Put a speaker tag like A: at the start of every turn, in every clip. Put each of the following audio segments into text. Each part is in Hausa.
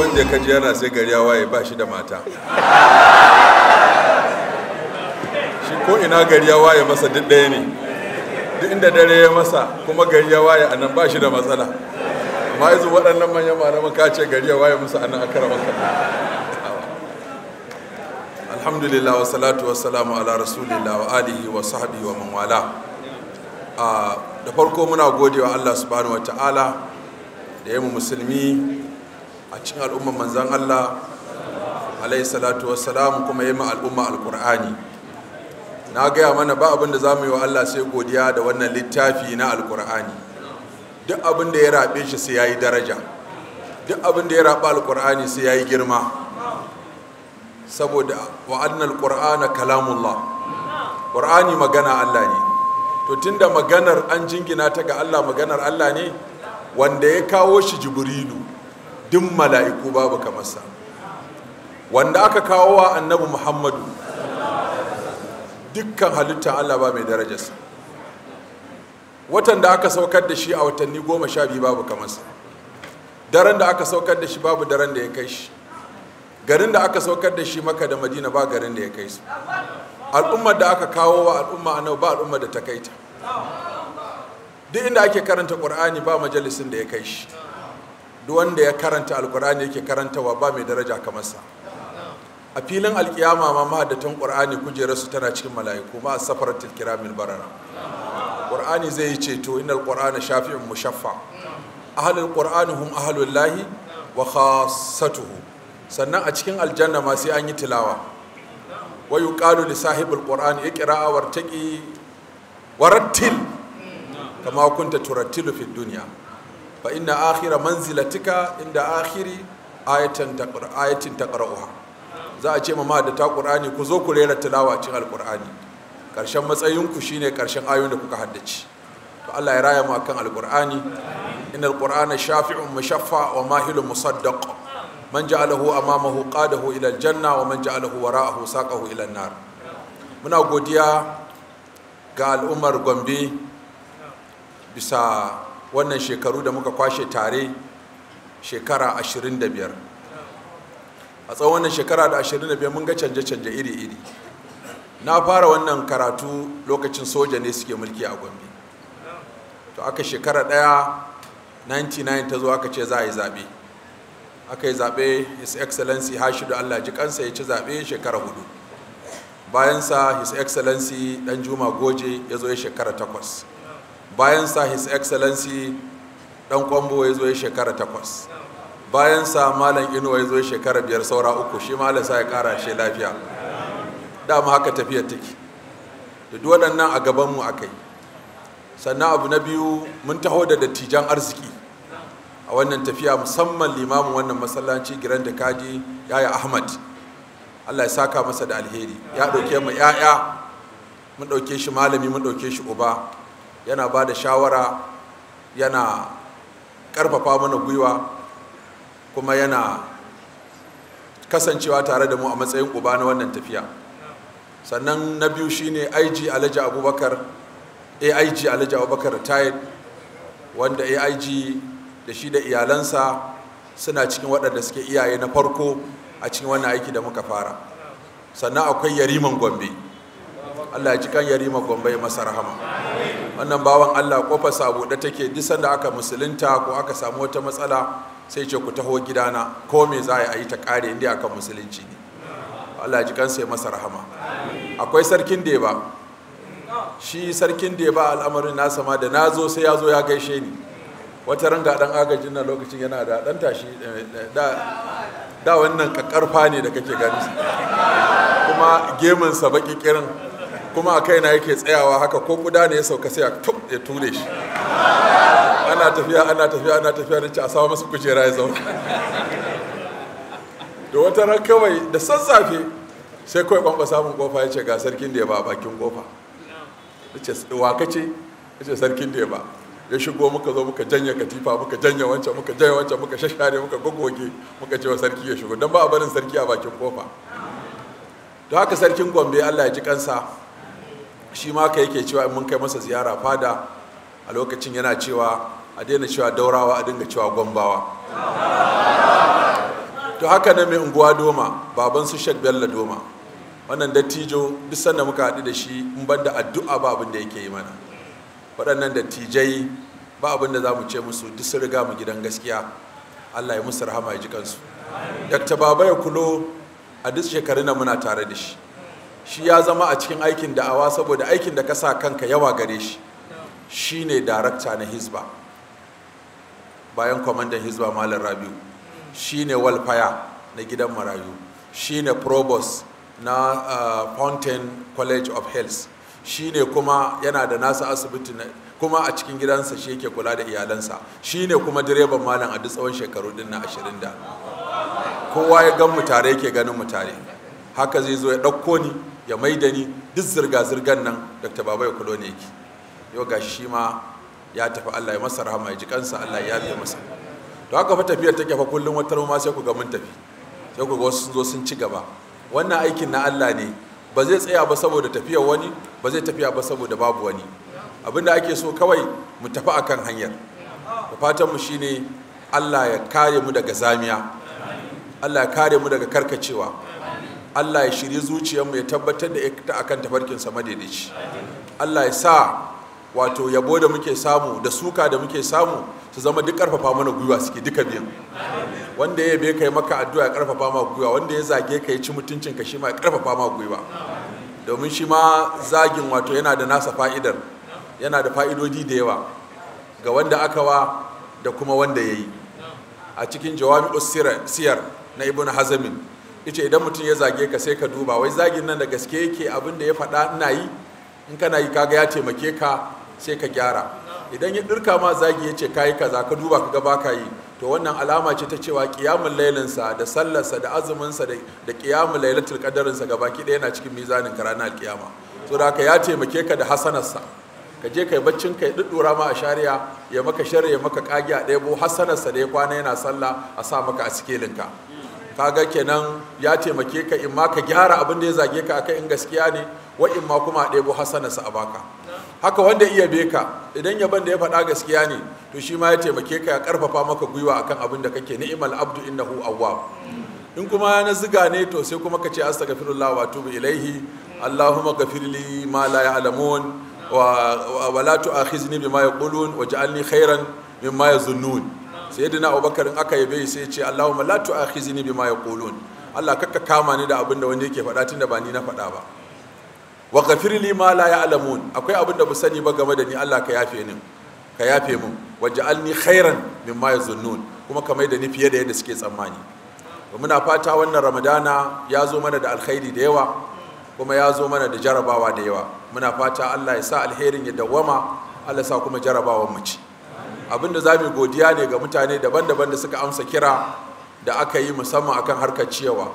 A: wanda ka ji yana sai gari ya waye ba shi da mata shi ko ina gari ya waye masa duk ɗaya ne duk inda dare ya masa kuma gari ya waye a nan ba shi da matsala amma yanzu waɗannan manyan malaman ka ce gari ya waye musu a nan akara maka alhamdulillah wa salatu wa salamu ala rasulillah wa alihi wa sahbihi wa manwala wala ah, da farko muna godewa Allah subhanahu wa ta'ala da yamu musulmi a cikin al'umman manzan Allah alaihi salatu wassalam kuma yi ma al'umma alkur'ani na gaya mana ba abin da za mu yi wa Allah sai godiya da wannan littafi na alkur'ani duk abin da ya rabe shi sai ya yi daraja duk abin da ya raɓa alkur'ani sai ya yi girma saboda wa'annan alkur'ana kalamullah ƙur'ani magana Allah ne to tunda maganar an jingina ta ga Allah maganar Allah ne wanda ya kawo shi jibrilu din mala'iku babu kamarsa wanda aka kawo wa annabi muhammadu dukkan halittar allah ba mai darajarsa watan da aka saukar da shi a watanni goma sha biyu babu kamarsa daren da aka saukar da shi babu daren da ya kai shi garin da aka saukar da shi maka da madina ba garin da ya kai su al'ummar da aka kawo wa al'umma a ba al'ummar da ta kai ta duk inda ake karanta ƙur'ani ba majalisin da ya kai shi duk wanda ya karanta alkur'ani yake karantawa ba mai daraja kamar sa a filin alkiyama ma mahaddatan qur'ani su tana cikin mala'iku ma safaratil kiramil barara qur'ani zai yi ceto innal qur'ana shafi'un mushaffa ahlul qur'ani hum ahlul lahi wa khassatuhu sannan a cikin aljanna ma sai an yi tilawa wa yuqalu li sahibul qur'ani iqra'a wartaqi warattil kama kunta turattilu fid dunya fa inna akhira manzilatika inda akhiri ayatan taqra ayatin taqra'uha za a ce ma da ta qur'ani ku zo ku rera tilawa cikin alqur'ani karshen matsayinku shine karshen ayoyin da kuka haddace to Allah ya raya mu akan alqur'ani innal qur'ana shafi'un mushaffa wa mahilun musaddaq man ja'alahu amamahu qadahu ila aljanna wa man ja'alahu wara'ahu saqahu ila an-nar muna godiya ga al'ummar Gombe bisa wannan shekaru da muka kwashe tare shekara 25 a tsawon wannan shekara da 25 mun ga canje-canje iri-iri na fara wannan karatu lokacin soja ne suke mulki a gombe to aka shekara daya 99 ta zo aka ce za a yi zaɓe aka yi zaɓe his excellency hashidu allah ji kansa ya ci zaɓe shekara hudu bayansa his excellency dan juma goje ya zo ya shekara takwas bayan sa his excellency dan kwambo ya zo ya shekara takwas bayan sa malam inuwa ya zo ya shekara biyar saura uku shi malam sa ya kara shi lafiya dama haka tafiya take da duk waɗannan a gabanmu a kai sannan abu na biyu mun taho da dattijan arziki a wannan tafiya musamman limamin wannan masallaci giran da kaji yaya ahmad allah ya saka masa da alheri ya ɗauke mu ya'ya mun ɗauke shi malami mun ɗauke shi uba yana ba da shawara yana karfafa mana gwiwa kuma yana kasancewa tare da mu a matsayin uba na wannan tafiya sannan na biyu shine aig alhaji abubakar aig alhaji abubakar retired wanda aig da shi da iyalansa suna cikin waɗanda suke iyaye na farko a cikin wannan aiki da muka fara sannan akwai yariman gombe Allah ya ji kan yarima gombe masa rahama wannan bawan Allah kofa sa take duk sanda aka musulunta ko aka samu wata matsala sai ce ku taho gidana ko me za a yi ta kare inda aka musulunci ne Allah ya ji kansa ya masa rahama akwai sarkin ba shi sarkin deba al'amarin nasa ma da zo sai ya zo ya gaishe ni wata ranga dan agajin na lokacin yana da dan tashi eh, da wannan kakkarfa ne da kake gani kuma geminsa baki kirin kuma a kaina yake tsayawa haka ko kuda ne ya sauka sai ya ture shi ana tafiya ana tafiya ana tafiya da ci a samu masu kujera ya zauna da wata ran kawai da sassafe sai kawai ban samun kofa ya ce ga sarkin da ya ba a bakin kofa wa ce ya ce sarkin da ya ba ya shigo muka zo muka janye katifa muka janye wancan muka janye wancan muka shashare muka gogoge muka ce wa sarki ya shigo don ba a barin sarki a bakin kofa da haka sarkin gombe allah ya ji kansa shi ma ka yake cewa in mun kai masa ziyara fada a lokacin yana cewa a daina cewa daurawa a dinga cewa gwambawa to haka na mai unguwa doma baban su shek bello doma wannan dattijo duk sanda muka haɗu da shi in ban da addu'a ba abin da yake yi mana waɗannan dattijai ba abin da za mu ce musu duk sun riga mu gidan gaskiya allah ya musu rahama ya ji kansu dakta baba ya kulo a duk na muna tare da shi shi ya zama a cikin aikin da'awa saboda aikin da ka sa kanka yawa gare shi shi ne darakta na hizba bayan kwamandan hizba malam rabiu shi ne walfaya na gidan marayu shi ne probos na ah, fountain college of health shi ne kuma yana da nasa asibiti kuma a cikin gidansa shi yake kula da iyalansa shi ne kuma direban malam a duk tsawon shekaru din na ashirin da kowa ya gan mutare yake ganin mutare haka zai zo ya ɗauko ni ya mai da ni duk zirga-zirgan nan dr baba ya kulo ne yake yau ga shi ma ya tafi allah ya masa rahama ya ji kansa allah ya fi masa to haka fa tafiyar take fa kullum wata ma sai ku ga mun tafi sai ku ga wasu sun zo sun ci gaba wannan aikin na allah ne ba zai tsaya ba saboda tafiyar wani ba zai tafiya ba saboda babu wani Abin da ake so kawai mu tafi akan hanyar fatan mu shine allah ya kare mu daga zamiya allah ya kare mu daga karkacewa Allah ya shirye zuciyarmu ya tabbatar da ita akan tafarkinsa madaidaici Allah ya sa wato yabo da muke samu da suka da muke samu su zama duk karfafa mana gwiwa suke duka biyan wanda ya be kai maka addu'a ya karfafa ma gwiwa wanda ya zage ka ya ci mutuncin ka shi ma ya karfafa ma gwiwa domin shi ma zagin wato yana da nasa fa'idar yana da fa'idodi da yawa ga wanda aka wa da kuma wanda ya yi a cikin jawami siyar na Ibnu hazamin ita idan mutum ya zage ka sai ka duba wai zagin nan da gaske yake abin da ya faɗa ina yi in kana yi kaga ya taimake ka sai ka gyara idan ya dirka ma zagi ya ce kayi kaza ka duba ka ba ka yi to wannan alama ce ta cewa kiyamun lailinsa da sallarsa da azuminsa da kiyamun lailatul qadarinsa ga baki ɗaya yana cikin mizanin ka alkiyama to da ka ya taimake ka da hasanarsa ka je kai baccin kai duddura ma a shari'a ya maka shari'a ya maka kage a ɗaya bo hasanarsa da ya kwana yana sallah a sa maka a sikelinka kaga kenan ya taimake ka in ma ka gyara abin da ya zage ka akai in gaskiya ne wa in ma kuma ɗebo hasanarsa a baka haka wanda iya be ka idan yaban da ya faɗa gaskiya ne to shi ma ya taimake ka ya karfafa maka gwiwa akan abin da kake ni'mal abdu innahu awwab in kuma na ziga ne to sai kuma ka ce astaghfirullah wa atubu ilaihi allahumma ghafirli ma la ya'lamun wa wa la tu'akhizni bima yaqulun waj'alni khairan mimma yazunnun sayyidina abubakar in aka yabe sai ce allahumma la ma ya yaqulun allah kakka kama ni da abin da wani yake faɗa tunda ba ni na faɗa ba wa ghafir li ma la ya'lamun akwai abin da ba sani ba game da ni allah ka yafe ni ka yafe mu waj'alni khairan mimma yazunnun kuma ka da ni fiye da yadda suke tsammani muna fata wannan ramadana ya zo mana da alkhairi da yawa kuma ya zo mana da jarabawa da yawa muna fata allah ya sa alherin ya dawwama allah sa kuma jarabawan mu ci abinda za mu godiya ne ga mutane daban-daban da suka amsa kira da aka yi musamman akan harkar ciyawa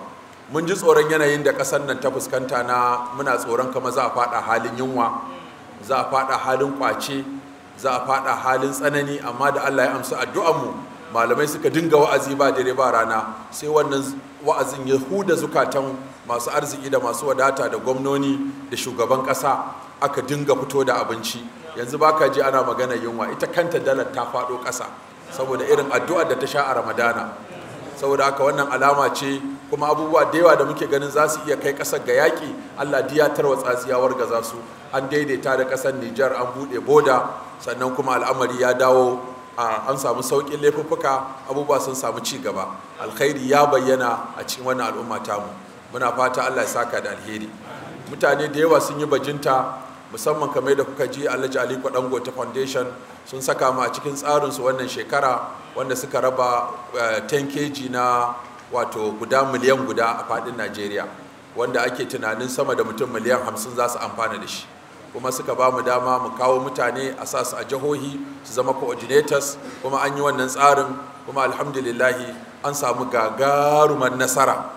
A: mun ji tsoron yanayin da ƙasar nan ta fuskanta na muna tsoron kama za a faɗa halin yunwa za a faɗa halin kwace za a faɗa halin tsanani amma da allah ya amsa mu malamai suka dinga wa'azi ba dare ba rana sai wannan wa'azin ya huda zukatan masu arziki da masu wadata da gwamnoni da shugaban ƙasa aka dinga fito da abinci yanzu ba ka ji ana magana yunwa ita kanta dalar ta faɗo ƙasa saboda irin addu'a da ta sha a ramadana saboda haka wannan alama ce kuma abubuwa da yawa da muke ganin za su iya kai ƙasar ga yaƙi allah diya tarwa tsatsiyawar ga za su an daidaita da ƙasar nijar an buɗe boda sannan kuma al'amari ya dawo an samu sauƙin laifuffuka abubuwa sun samu ci gaba alkhairi ya bayyana a cikin wannan al'umma tamu muna fata allah ya saka da alheri mutane da yawa sun yi bajinta musamman kamar da kuka ji alhaji aliko dangote foundation sun saka mu a cikin tsarinsu wannan shekara wanda suka raba 10 eh, kg na wato guda miliyan guda a fadin najeriya wanda ake tunanin sama da mutum miliyan hamsin za su amfana da shi kuma suka ba mu dama mu kawo mutane a sa su a jihohi su zama coordinators kuma an yi wannan tsarin kuma alhamdulillahi an samu gagarumar nasara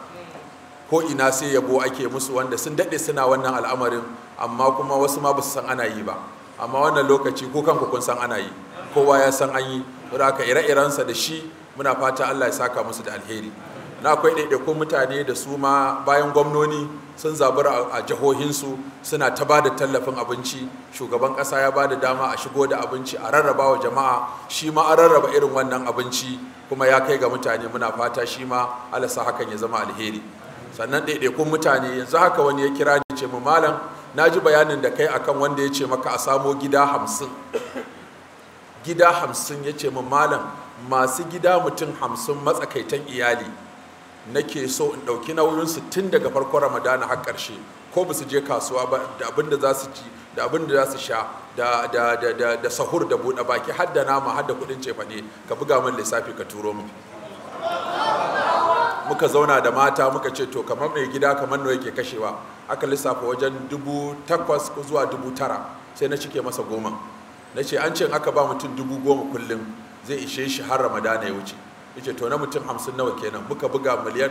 A: ko ina sai yabo ake musu wanda sun daɗe suna wannan al'amarin amma kuma wasu ma basu san ana yi ba amma wannan lokaci ko kanku kun san ana yi kowa ya san an yi don haka ire-irensa da shi muna fata Allah ya saka musu da alheri na akwai ɗaiɗaikun mutane da su ma bayan gwamnoni sun zabar a jihohinsu suna ta ba da tallafin abinci shugaban ƙasa ya ba da dama a shigo da abinci a rarraba wa jama'a shi ma a rarraba irin wannan abinci kuma ya kai ga mutane muna fata shi ma alasa hakan ya zama alheri sannan ɗaiɗaikun mutane yanzu haka wani ya kira ni ce mu malam na ji bayanin da kai akan wanda ya ce maka a samo gida hamsin gida hamsin ya ce mu malam masu gida mutum hamsin matsakaitan iyali nake so in ɗauki nauyinsu tun daga farkon ramadana har ƙarshe ko ba su je kasuwa ba da abin da za su ci da abin da za su sha da sahur da buɗe baki har da nama har da kuɗin cefane ka buga min lissafi ka turo min muka zauna da mata muka ce to kamar mai gida kamar nawa yake kashewa aka lissafa wajen dubu takwas zuwa dubu tara sai na cike masa goma na ce an ce aka ba mutum dubu goma kullum zai ishe shi har ramadana ya wuce ya ce to na mutum hamsin nawa kenan muka buga miliyan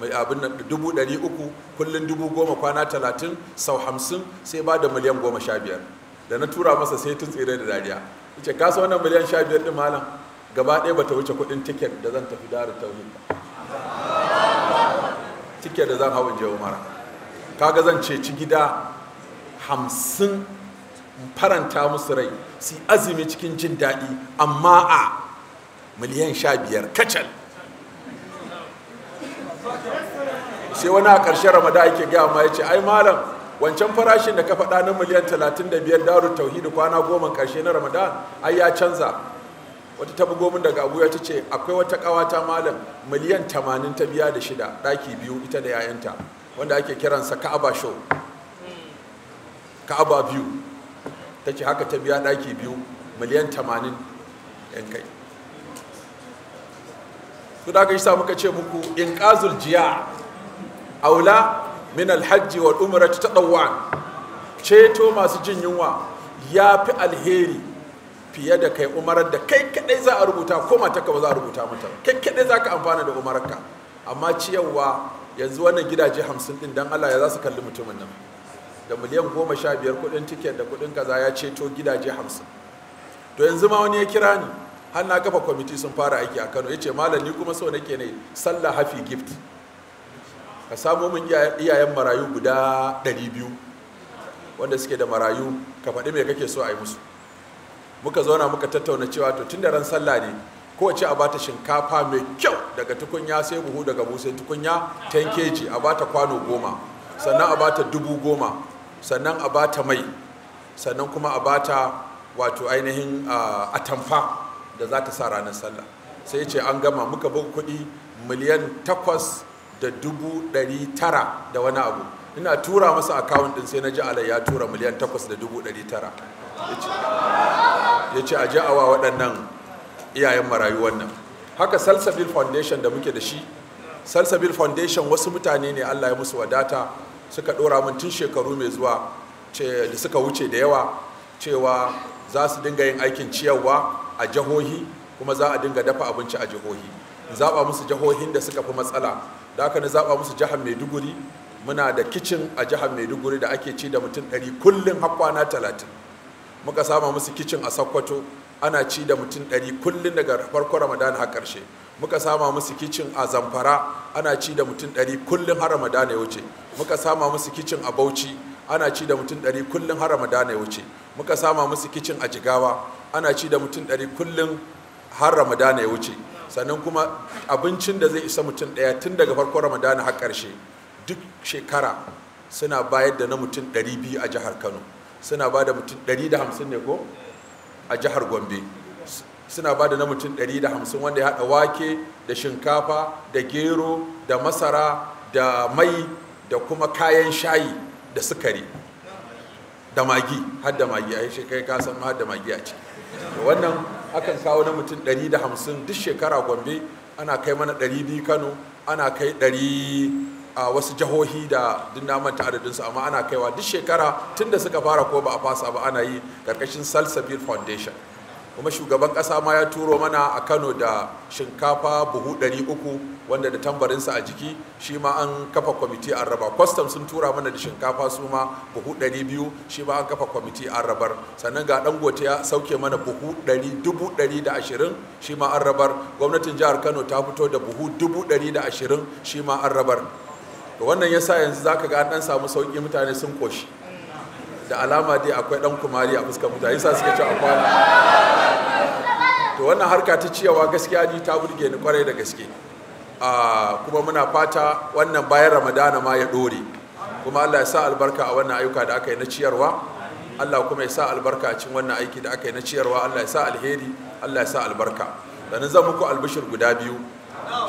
A: mai abin nan dubu ɗari uku kullum dubu goma kwana talatin sau hamsin sai ba da miliyan goma sha biyar da na tura masa sai tun tsire da dariya ya kasa wannan miliyan sha biyar ɗin malam gaba ɗaya bata wuce kuɗin tiket da zan tafi darin tauhid ba tike da zan hawa je umara kaga zan ceci gida hamsin faranta musu rai su azumi cikin jin daɗi amma a miliyan sha biyar kacal sai wani a ƙarshen Ramadan ake gaya ma ya ce ai malam wancan farashin da ka faɗa na miliyan biyar daru tauhidi kwana goma ƙarshe na ramadan ai ya canza wata ta bugo min daga abuja ta ce akwai wata kawata malam miliyan tamanin ta biya da shida daki biyu ita da yayanta wanda ake kiransa ka'aba show ka'aba biyu ta ce haka ta biya daki biyu miliyan tamanin yan kai su da aka samu muka ce muku in kazul jiya aula min alhaji wal umra ta ceto masu jin yunwa ya fi alheri fiye da kai umarar da kai kadai za a rubuta ko mata ba za a rubuta mata kai kadai za ka amfana da umararka amma ciyarwa yanzu wannan gidaje hamsin din dan Allah ya za su kalli mutumin nan da miliyan goma sha biyar kudin tiket da kudin kaza ya ceto gidaje hamsin to yanzu ma wani ya kira ni har na kafa kwamiti sun fara aiki a Kano yace malam ni kuma so nake ne sallah hafi gift ka samo min iyayen marayu guda ɗari biyu wanda suke da marayu ka faɗi me kake so a yi musu muka zauna muka tattauna cewa to tun da ran sallah ne kowace a bata shinkafa mai kyau daga tukunya sai buhu daga busai tukunya 10 kg a bata kwano goma sannan a bata dubu goma sannan a bata mai sannan kuma a bata wato ainihin ah, atamfa da za ta sa ranar sallah sai ce an gama muka buga kuɗi miliyan takwas da dubu ɗari tara da wani abu ina tura masa akawun ɗin sai na ji alai ya tura miliyan takwas da dubu ɗari tara ya ce a wa waɗannan iyayen marayu wannan haka salsabil foundation da muke da shi salsabil foundation wasu mutane ne allah ya musu wadata suka ɗora mun tun shekaru mai zuwa da suka wuce da yawa cewa za su dinga yin aikin ciyarwa a jihohi kuma za a dinga dafa abinci a jihohi zaɓa musu jihohin da suka fi matsala da haka na zaɓa musu jihar maiduguri muna da kicin a jihar maiduguri da ake ci da mutum ɗari kullum har kwana talatin muka sama musu kicin a sakkwato ana ci da mutum ɗari kullum daga farko ramadan har ƙarshe muka sama musu kicin a zamfara ana ci da mutum ɗari kullum har ramadan ya wuce muka sama musu kicin a bauchi ana ci da mutum ɗari kullum har ramadan ya wuce muka sama musu kicin a jigawa ana ci da mutum ɗari kullum har ramadan ya wuce sannan kuma abincin da zai isa mutum ɗaya tun daga farko ramadan har ƙarshe duk shekara suna bayar da na mutum ɗari biyu a jihar kano suna ba da mutum 150 ne ko a jihar gombe suna ba da na mutum 150 wanda ya haɗa wake da shinkafa da gero da masara da mai da kuma kayan shayi da sukari da magi har da magi a yi shekai kasan har da magi a ciki wannan akan kawo na mutum 150 duk shekara gombe ana kai mana 200 kano ana kai a wasu jihohi da dinna manta adadinsu amma ana kaiwa duk shekara tun da suka fara ko ba a fasa ba ana yi karkashin salsabir foundation kuma shugaban kasa ma ya turo mana a kano da shinkafa buhu 300 wanda da tambarinsa a jiki shi ma an kafa kwamiti an raba kwastam sun tura mana da shinkafa su ma buhu 200 shi ma an kafa kwamiti an rabar sannan ga dangote ya sauke mana buhu 120 shi ma an rabar gwamnatin jihar kano ta fito da buhu 120 shi ma an rabar to wannan ya sa yanzu zaka ga an dan samu sauki mutane sun koshi da alama dai akwai dan kumari a fuskar mutane sa suka ci a
B: kwana to wannan harka
A: ta ciyawa gaskiya ni ta burge ni kwarai da gaske kuma muna fata wannan bayan ramadana ma ya dore kuma Allah ya sa albarka a wannan ayyuka da aka yi na ciyarwa Allah kuma ya sa albarka a cikin wannan aiki da aka yi na ciyarwa Allah ya sa alheri Allah ya sa albarka sannan zan muku albishir guda biyu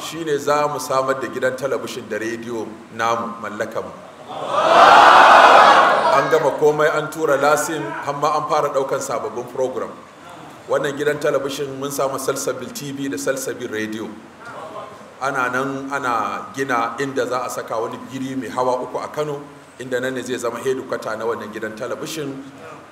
A: Shi ne za mu samar da gidan talabishin da rediyo namu mallaka mu an gama komai an tura lasin hamma an fara daukan sababbin program wannan gidan talabishin mun samu salsabil tv da salsabin rediyo ana nan ana gina inda za a saka wani giri mai hawa uku a kano inda nan ne zai zama hedikwata na wannan gidan talabishin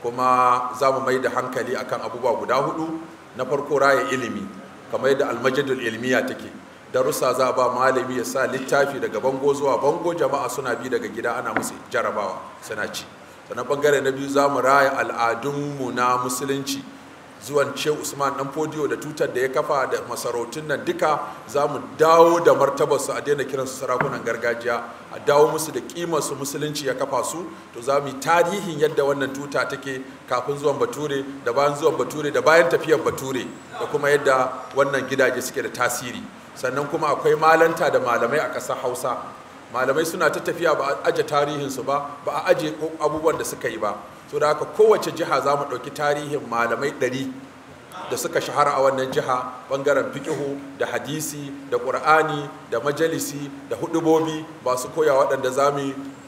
A: kuma za mu mai da hankali akan abubuwa guda hudu na farko raya ilimi kamar yadda almajadul ilmiya take darussa za ba malami ya sa littafi daga bango zuwa bango jama'a suna bi daga gida ana musu jarabawa suna ci sannan bangare na biyu za mu raya al'adunmu na musulunci zuwan ce usman dan fodiyo da tutar da ya kafa da masarautun nan duka za mu dawo da martabarsu a daina kiran su sarakunan gargajiya a dawo musu da kimarsu musulunci ya kafa su to za mu yi tarihin yadda wannan tuta take kafin zuwan bature da bayan zuwan bature da bayan tafiyar bature da kuma yadda wannan gidaje suke da tasiri sannan kuma akwai malanta da malamai a ƙasar hausa malamai suna ta tafiya ba a aje tarihinsu ba ba a aje abubuwan da suka yi ba so da haka kowace jiha za mu ɗauki tarihin malamai ɗari da suka shahara a wannan jiha bangaren fikihu da hadisi da ƙur'ani da majalisi da hudubobi su koya waɗanda za mu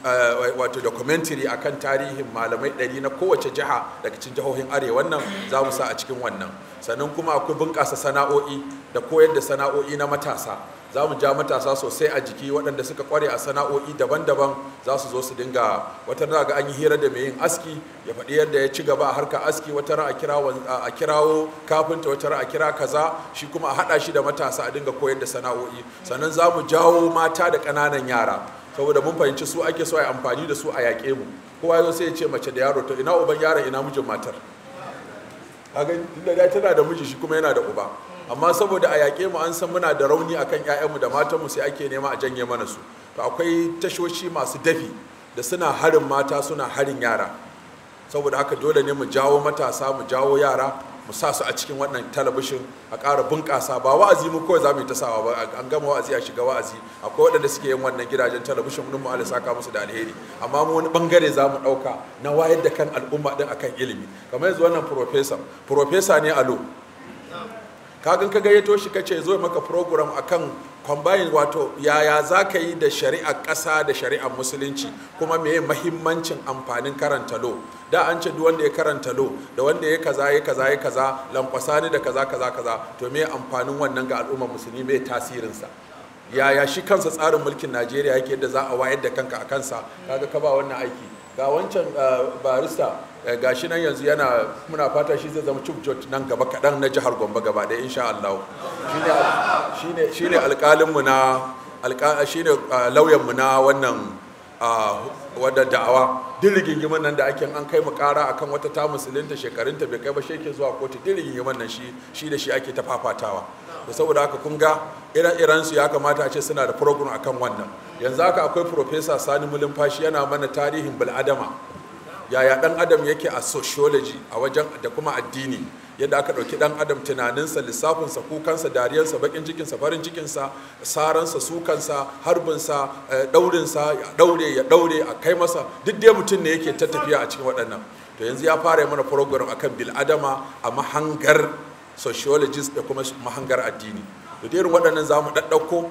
A: eh, wato documentary akan tarihin malamai ɗari na kowace jiha daga cikin jihohin arewa wannan za mu sa a cikin wannan sannan kuma akwai bunƙasa sana'o'i da koyar da sana'o'i na matasa za mu ja matasa sosai a jiki waɗanda suka kware a sana'o'i daban-daban za su zo su dinga wata rana ga an yi hira da mai yin aski ya faɗi yadda ya ci gaba a harkar aski wata rana a kirawo kafinta wata rana a kira kaza shi kuma a haɗa shi da matasa a dinga koyar da sana'o'i sannan za mu jawo mata da ƙananan yara saboda mun fahimci su ake so a yi amfani da su a yaƙe mu kowa yau sai ya ce mace da yaro to ina uban yaron ina mijin matar a tana da miji shi kuma yana da uba amma saboda a yaƙe mu an san muna da rauni a kan ƴaƴanmu da matanmu sai ake nema a janye mana su to akwai tashoshi masu dafi da suna harin mata suna harin yara saboda haka dole ne mu jawo matasa mu jawo yara mu sa su a cikin wannan talabishin a ƙara bunƙasa ba wa'azi mu kawai za mu yi ta sawa ba an gama wa'azi a shiga wa'azi akwai waɗanda suke yin wannan gidajen talabishin mun mu ka musu da alheri amma mu wani bangare za mu ɗauka na wayar da kan al'umma din akan ilimi kamar yanzu wannan profesa profesa ne a kagan ka gayyato shi kace zo maka program akan combine wato yaya za ka yi da shari'a ƙasa da shari'ar musulunci kuma meye mahimmancin amfanin karanta lo da an ce duk wanda ya karanta lo da wanda ya kaza ya kaza ya kaza lankwasa da kaza kaza kaza to me amfanin wannan ga al'ummar musulmi me tasirinsa yaya shi kansa tsarin mulkin najeriya yake yadda za a wayar da kanka a kansa kaga ka ba wannan aiki ga wancan eh, barista Eh, gashi nan yanzu yana muna fata shi zai zama chief judge nan gaba kaɗan na jihar gombe gaba ɗaya insha Allah shi ne mu na shi ne ah, mu na wannan ah, wadda da'awa din rigingimin nan da ake an kai mu kara akan wata ta musulunta shekarunta bai kai ba shi zuwa kotu din rigingimin nan shi shi da shi ake tafafatawa fafatawa to saboda haka kun ga ire-iren su ya kamata a ce suna da program akan wannan yanzu haka akwai professor Sani Mulumfashi yana mana tarihin bil'adama yaya dan adam yake a sociology a wajen da kuma addini yadda aka ɗauki dan adam tunaninsa lissafinsa kukansa dariyarsa bakin cikinsa farin cikinsa saransa sukansa harbinsa eh, ɗaurinsa ya ɗaure ya ɗaure a kai masa duk dai mutum ne yake ta tafiya a cikin waɗannan to yanzu ya fara mana program akan adama a mahangar sociologist da kuma mahangar addini da irin waɗannan za mu ɗaɗɗauko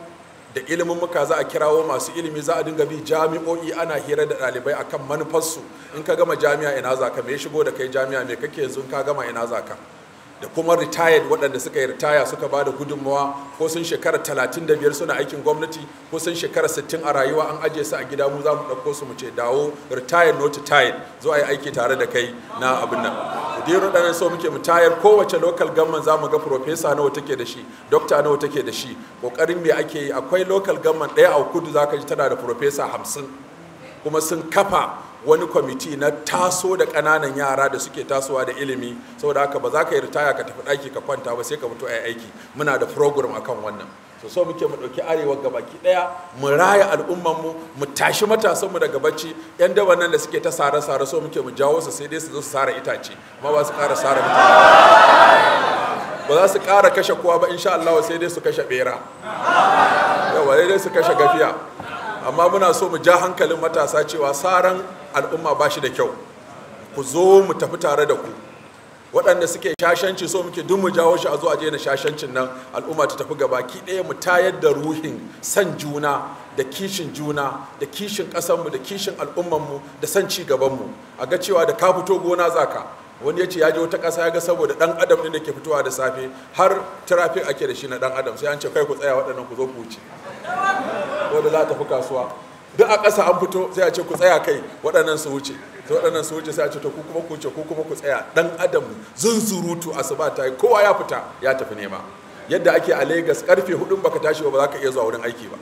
A: da ilimin muka za a kirawo masu ilimi za a dinga bi jami'o'i ana hira da ɗalibai akan manufarsu in ka gama jami'a ina za ka me shigo da kai jami'a me kake yanzu ka gama ina za ka da kuma retired waɗanda suka yi ritaya suka ba da gudunmawa ko sun shekara talatin da biyar suna aikin gwamnati ko sun shekara sittin a rayuwa an ajiye su a gida mu za mu ɗauko su mu ce dawo retired not tired zo a yi aiki tare da kai na abin nan kudin waɗannan so muke mu tayar kowace local government za mu ga professor nawa take da shi doctor nawa take da shi kokarin me ake yi akwai local government ɗaya a kudu za ji tana da professor 50 kuma sun kafa wani kwamiti na taso da kananan yara da suke tasowa da ilimi saboda haka ba za ka yi ritaya ka tafi ɗaki ka kwanta ba sai ka mutu a aiki muna da program akan wannan so so muke mu ɗauki arewa gabaki ɗaya mu raya al'ummanmu mu tashi matasanmu daga bacci yan daba nan da suke ta sare-sare so muke mu jawo su sai dai su zo su sare itace amma ba su ƙara sare mutane ba za su ƙara kashe kowa ba insha Allah sai dai su kashe bera yawa dai su kashe gafiya amma muna so mu ja hankalin matasa cewa saran al'umma ba shi da kyau ku zo mu tafi tare da ku waɗanda suke shashanci so muke duk mu jawo shi a zo a jena shashancin nan al'umma ta tafi gaba ki ɗaya mu tayar da ruhin san juna da kishin juna da kishin ƙasarmu da kishin mu da san ci gabanmu a ga cewa da ka fito gona zaka wani ya ce ya je wata ƙasa ya ga saboda ɗan adam ɗin da ke fitowa da safe har trafik ake da shi na ɗan adam sai an ce kai ku tsaya waɗannan ku zo ku wuce wanda za ta fi kasuwa duk a ƙasa an fito sai a ce ku tsaya kai waɗannan su wuce sai waɗannan su wuce sai a ce to ku kuma ku wuce ku kuma ku tsaya dan adam zun surutu asuba ta kowa ya fita ya tafi nema yadda ake a Legas karfe ba baka tashi ba za ka iya zuwa wurin aiki ba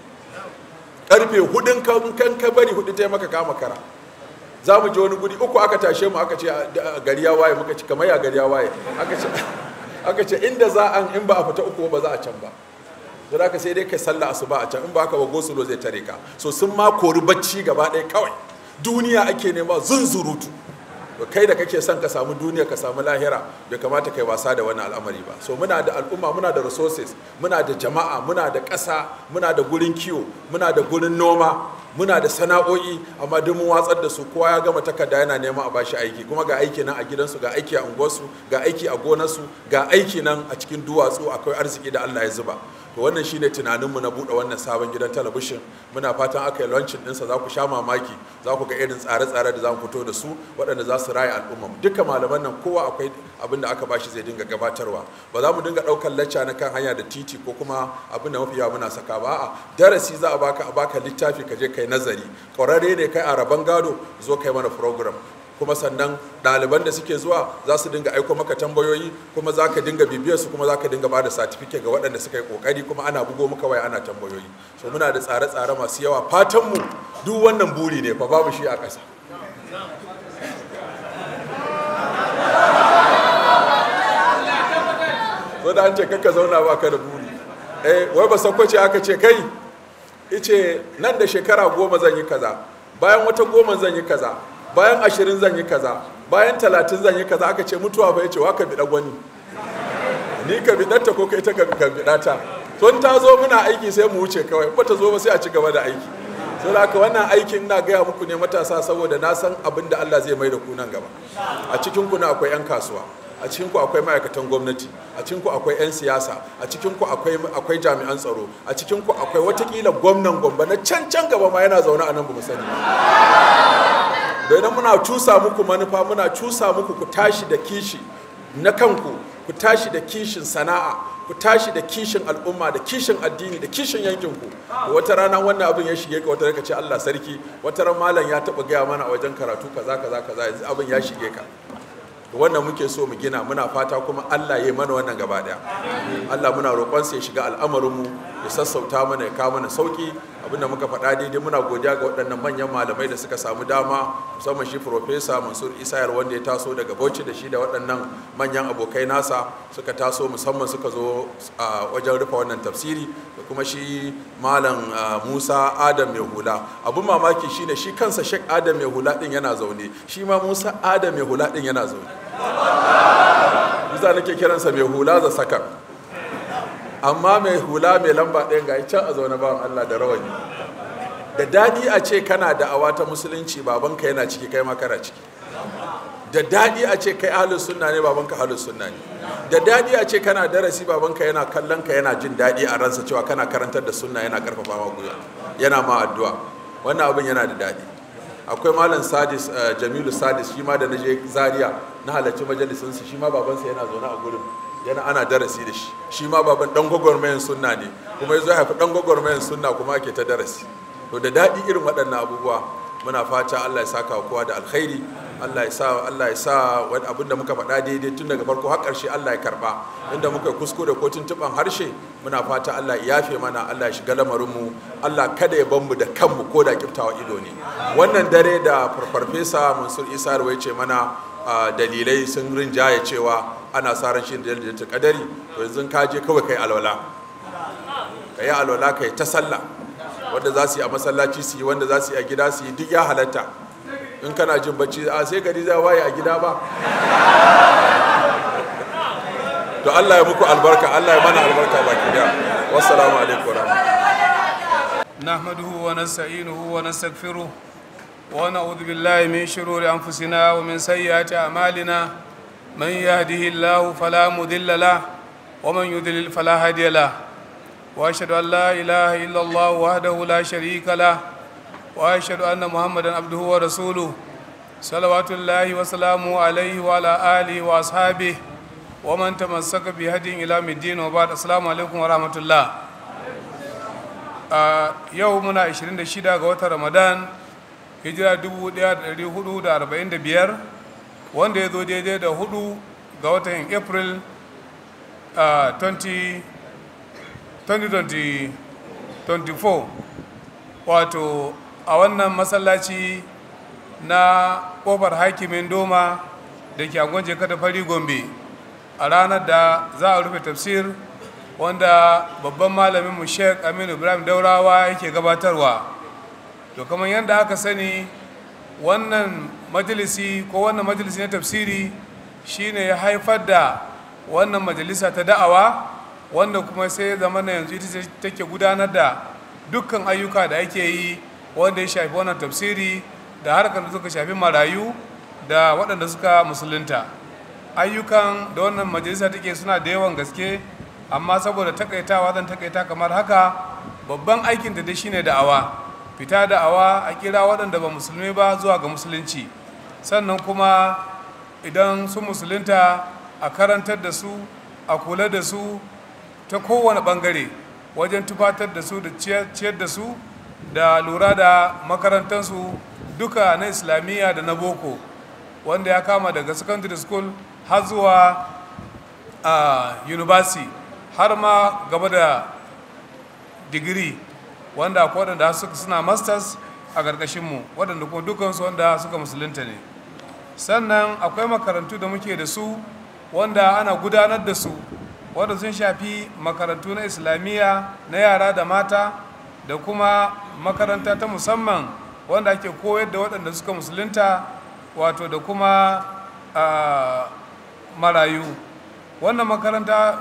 A: karfe hudun kan ka bari hudu ta maka kama kara za mu je wani guri uku aka tashe mu aka ce gari ya waye muka ci kamar ya gari ya waye aka ce inda za an in ba a fita uku ba za a can ba da za ka sai dai kai sallah asuba a can in ba ka ba gosulo zai tare ka so sun ma kori bacci gaba ɗaya kawai duniya ake nema zunzurutu kai da kake son ka samu duniya ka samu lahira bai kamata kai wasa da wani al'amari ba so muna da al'umma muna da resources muna da jama'a muna da ƙasa muna da gurin kiwo muna da gurin noma muna da sana'o'i amma duk mun watsar da su kowa ya gama takarda yana neman a bashi aiki kuma ga aiki nan a gidansu ga aiki a unguwarsu ga aiki a gonarsu ga aiki nan a cikin duwatsu akwai arziki da Allah ya zuba to wannan shine tunaninmu na buɗe wannan sabon gidan talabishin muna fatan aka yi launching ɗinsa za ku sha mamaki za ku ga irin tsare-tsare da za mu fito da su waɗanda za su raya al'umma duka malaman nan kowa akwai abin da aka bashi zai dinga gabatarwa ba za mu dinga ɗaukar lacca na kan hanya da titi ko kuma abin da mafi yawa muna saka ba a'a darasi za a baka a baka littafi ka je ka kai nazari ƙwararre ne kai a rabon gado zo kai mana program kuma sannan ɗaliban da suke zuwa za su dinga aiko maka tambayoyi kuma za ka dinga bibiyar su kuma za ka dinga bada satifike ga waɗanda suka yi ƙoƙari kuma ana bugo maka waya ana tambayoyi so muna da tsare-tsare masu yawa fatanmu duk wannan buri ne fa babu shi a ƙasa so da an ce kakka zauna ba ka da buri eh wai ba sakwace aka ce kai ice nan da shekara goma zan yi kaza bayan wata goma zan yi kaza bayan ashirin zan yi kaza bayan talatin zan yi kaza aka ce mutuwa bai ce waka biɗa gwani ni ka ta ko kai ta ka biɗata tun ta zo muna aiki sai mu wuce kawai ba ta zo ba sai a ci gaba da aiki sau da haka wannan aikin na gaya muku ne matasa saboda na san abin da Allah zai mai da ku nan gaba a cikin ku akwai 'yan kasuwa a cikin akwai ma'aikatan gwamnati a cikin akwai 'yan siyasa a cikin akwai jami'an tsaro a cikin akwai watakila gwamnan gwamba na can can gaba ma yana zaune a nan bamu sani da idan muna cusa muku manufa muna cusa muku ku tashi da kishi na kanku ku tashi da kishin sana'a ku tashi da kishin al'umma da kishin addini da kishin yankinku wata rana wannan abin ya shige ka wata ka ce Allah sarki wata ran malam ya taba gaya mana a wajen karatu kaza kaza kaza yanzu abin ya shige ka wannan muke so mu gina muna fata kuma Allah ya mana wannan gaba daya Allah muna roƙon ya shiga al'amarin mu ya sassauta mana ya kawo mana sauki abinda muka faɗa daidai muna godiya ga waɗannan manyan malamai da suka samu dama musamman shi profesa mansur isayar wanda ya taso daga bauchi da shi da waɗannan manyan abokai nasa suka taso musamman suka zo a wajen rufe wannan tafsiri da kuma shi malam musa adam mai hula abin mamaki shine shi kansa shek adam mai hula din yana zaune shi ma musa adam mai hula din yana zaune Bisa nake kiransa mai hula za sakar amma mai hula mai lamba ɗaya ga can a zaune ba Allah da rawani da daɗi a ce kana da awa ta musulunci babanka yana ciki kai ma ciki da daɗi a ce kai ahlus sunna ne babanka ahlus sunna ne da daɗi a ce kana darasi babanka yana kallon ka yana jin daɗi a ransa cewa kana karantar da sunna yana karfafa ma gwiwa yana ma addu'a wannan abin yana da daɗi akwai malam sadis eh, jamilu sadis shi ma da je zaria na halarci majalisinsu shi ma babansa yana zaune a gurin yana ana darasi da shi shi ma baban dan gwagwarmayan sunna ne kuma ya zo haifi dan gwagwarmayan sunna kuma ake ta darasi to da daɗi irin waɗannan abubuwa muna fata Allah ya saka kowa da alkhairi Allah ya sa Allah ya sa wani abin da muka faɗa daidai tun daga farko har ƙarshe Allah ya karba inda muka kuskure ko tuntuɓan harshe muna fata Allah ya yafe mana Allah ya shiga lamarin mu Allah kada ya mu da kanmu ko da kiftawa ido ne wannan dare da farfarfesa Mansur Isa ya ce mana dalilai sun rinjaye cewa ana sa ran shi da ta kadari to yanzu ka je kawai kai alwala ka yi alwala ka yi ta sallah wanda za su yi a masallaci su yi wanda za su yi a gida su yi duk ya halatta in kana jin bacci a sai gari za waye a gida ba to Allah ya muku albarka Allah ya mana albarka baki daya wassalamu alaikum
C: na ahmaduhu wa nasta'inuhu wa nastaghfiruh ونعوذ بالله من شرور أنفسنا ومن سيئات أعمالنا من يهده الله فلا مضل له ومن يضلل فلا هادي له وأشهد أن لا إله إلا الله وحده لا شريك له وأشهد أن محمدا عبده ورسوله صلوات الله وسلامه عليه وعلى آله وأصحابه ومن تمسك بهدي إلى الدين وبعد السلام عليكم ورحمة الله يومنا 26 ga watan Ramadan hijira 1445 wanda ya zo daidai da hudu ga watan april 2024 wato a wannan masallaci na kofar hakimin doma da ke angon jeka da fari gombe a ranar da za a rufe tafsir wanda babban malamin mu sheik aminu ibrahim daurawa yake gabatarwa to kamar yadda aka sani wannan majalisi ko wannan majalisi na tafsiri shine ya haifar da wannan majalisa ta da'awa wanda kuma sai ya zama na yanzu ita take gudanar da dukkan ayyuka da ake yi wanda ya shafi wannan tafsiri da harkar da suka shafi marayu da waɗanda suka musulunta ayyukan da wannan majalisa take suna da yawan gaske amma saboda takaitawa zan takaita kamar haka babban aikin da shi shine da'awa fita da awa a kira waɗanda ba musulmi ba zuwa ga musulunci sannan kuma idan su musulunta a karantar da su a kula da su ta kowane ɓangare wajen tufatar da su da ciyar da su da lura da makarantarsu duka na islamiyya da na boko wanda ya kama daga secondary school har zuwa a ah, university har ma gaba da digiri wanda akwai waɗanda suna masters a ƙarƙashinmu waɗanda kuma dukansu wanda suka musulunta ne sannan akwai makarantu da muke da su wanda ana gudanar da su wanda sun shafi makarantu na islamiyya na yara da mata da kuma makaranta ta musamman wanda ake koyar da waɗanda suka musulunta wato da kuma marayu wannan makaranta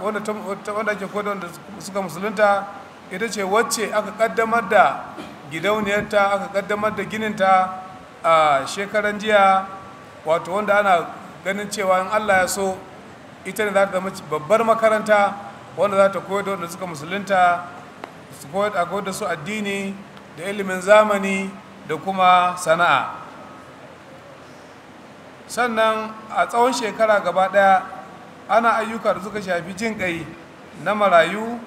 C: wanda ake koyar da waɗanda suka musulunta ita ce wacce aka kaddamar da gidauniyarta aka kaddamar da gininta a shekaran jiya wato wanda ana ganin cewa in allah ya so ita ne za ta zama babbar makaranta wanda za ta koyar da wanda suka musulunta su koyar da su addini da ilimin zamani da kuma sana'a sannan a tsawon shekara gaba daya ana ayyuka da suka shafi jin kai na marayu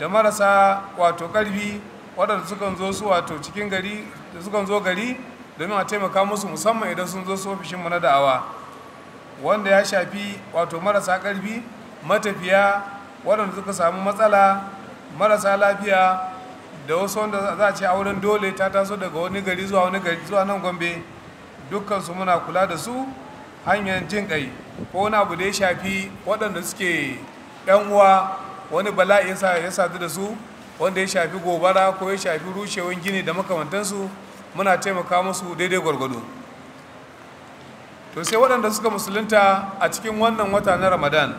C: da marasa wato ƙarfi waɗanda sukan zo su wato cikin gari da sukan zo gari domin a taimaka musu musamman idan sun zo su ofishinmu na da'awa wanda ya shafi wato marasa ƙarfi matafiya waɗanda suka samu matsala marasa lafiya da wasu wanda za a ce a wurin dole ta taso daga wani gari zuwa wani gari zuwa nan gombe dukkansu muna kula da su hanyar jin ƙai ko wani abu da ya shafi waɗanda suke 'yan uwa wani bala'i ya sadu da su wanda ya shafi gobara ko ya shafi rushewan gini da makamantansu muna taimaka musu daidai gwargwado to sai waɗanda suka musulunta a cikin wannan wata na ramadan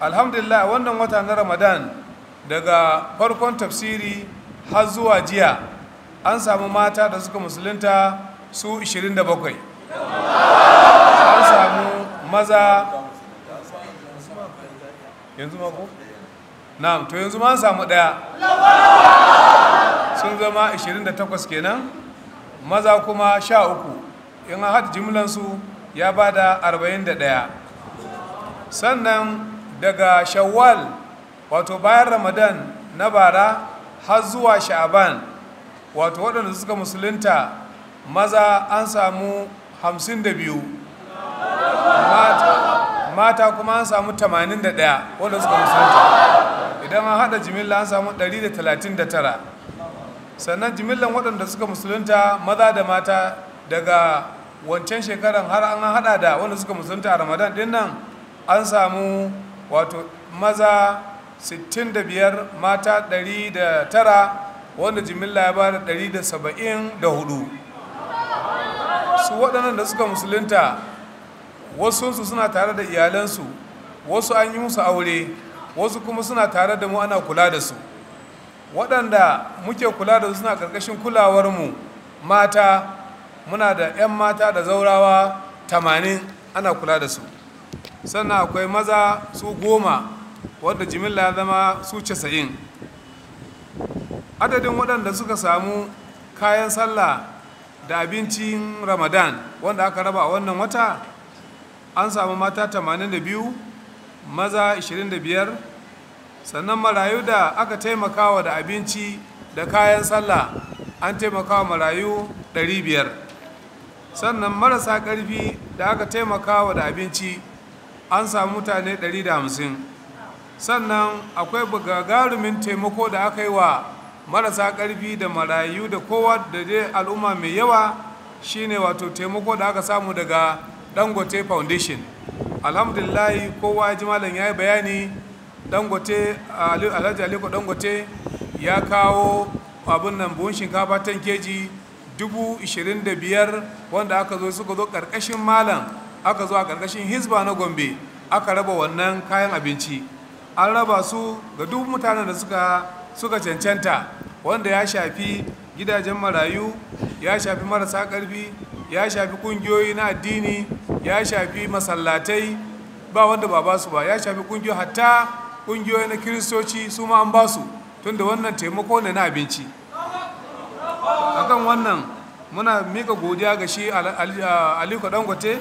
C: alhamdulillah wannan wata na ramadan daga farkon tafsiri har zuwa jiya an samu mata da suka musulunta su 27 an samu maza yanzu mako na'am to yanzu ma samu daya sun zama 28 kenan maza kuma 13 in haɗa jimlansu ya ba da 41 sannan daga shawwal wato bayan ramadan na bara har zuwa sha'aban wato waɗanda suka musulunta maza an samu 52 mata kuma an samu 81 wanda suka
B: musulunta
C: idan an haɗa jimilla an samu 139 sannan jimillan waɗanda suka musulunta maza da mata daga wancan shekaran har an haɗa da wanda suka musulunta a ramadan din nan an samu wato maza 65 mata 109 wanda jimilla ya ba da 174 su waɗannan da suka musulunta wasu suna tare da iyalansu wasu an yi musu aure wasu kuma suna tare da mu ana kula da su waɗanda muke kula da su suna ƙarƙashin mu mata muna da 'yan mata da zaurawa tamanin ana kula da su sannan akwai maza su goma wadda jimilla ya zama su casa'in adadin waɗanda suka samu kayan sallah da abincin ramadan wanda aka raba a wannan wata an samu mata 82 maza 25 sannan marayu da aka taimakawa da abinci da kayan sallah an taimakawa marayu 500 sannan marasa ƙarfi da aka taimakawa da abinci an samu mutane 150 sannan akwai gagarumin taimako da aka yi wa marasa karfi da marayu da kowa da dai al'umma mai yawa shine wato taimako da aka samu daga dangote foundation alhamdulillahi kowa ji malam ya yi bayani dangote alhaji aliko dangote ya kawo abin nan buhun shinkafa tan keji dubu ishirin da biyar wanda aka zo suka zo karkashin malam aka zo a ƙarƙashin hizba na gombe aka raba wannan kayan abinci an raba su ga dubu mutanen da suka cancanta wanda ya shafi gidajen marayu ya shafi marasa ƙarfi ya shafi ƙungiyoyi na addini ya shafi masallatai ba wanda ba basu ba ya shafi ƙungiyoyi hatta ƙungiyoyi na kiristoci su ma an basu tunda wannan taimako ne na abinci akan wannan muna mika godiya ga shi aliko dangote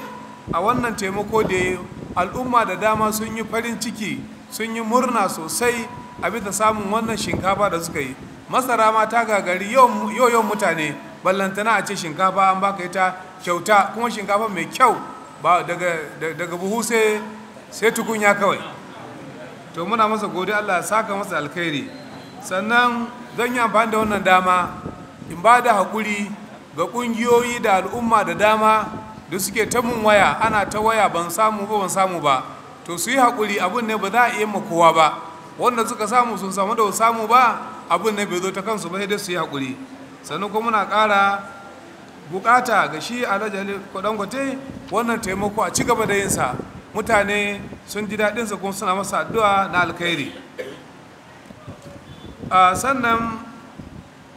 C: a wannan taimako da al'umma da dama sun yi farin ciki sun yi murna sosai a bisa samun wannan shinkafa da suka yi masara ma ta gagari yau yau mutane ballantana a ce shinkafa an baka ita kyauta kuma shinkafa mai kyau ba daga buhu sai sai tukunya kawai to muna masa gode Allah saka masa alkhairi sannan zan yi amfani da wannan dama in ba da haƙuri ga ƙungiyoyi da al'umma da dama da suke ta mun waya ana ta waya ban samu ba ban samu ba to su yi haƙuri abin ne ba za a iya ma kowa ba wanda suka samu sun samu da samu ba abin ne bai zo ta kansu ba sai dai su yi hakuri, sannan kuma muna ƙara bukata ga shi a alhaji kwadangote wannan taimako a ci gaba da yinsa mutane sun ji daɗinsa kuma suna masa addu'a na alkhairi sannan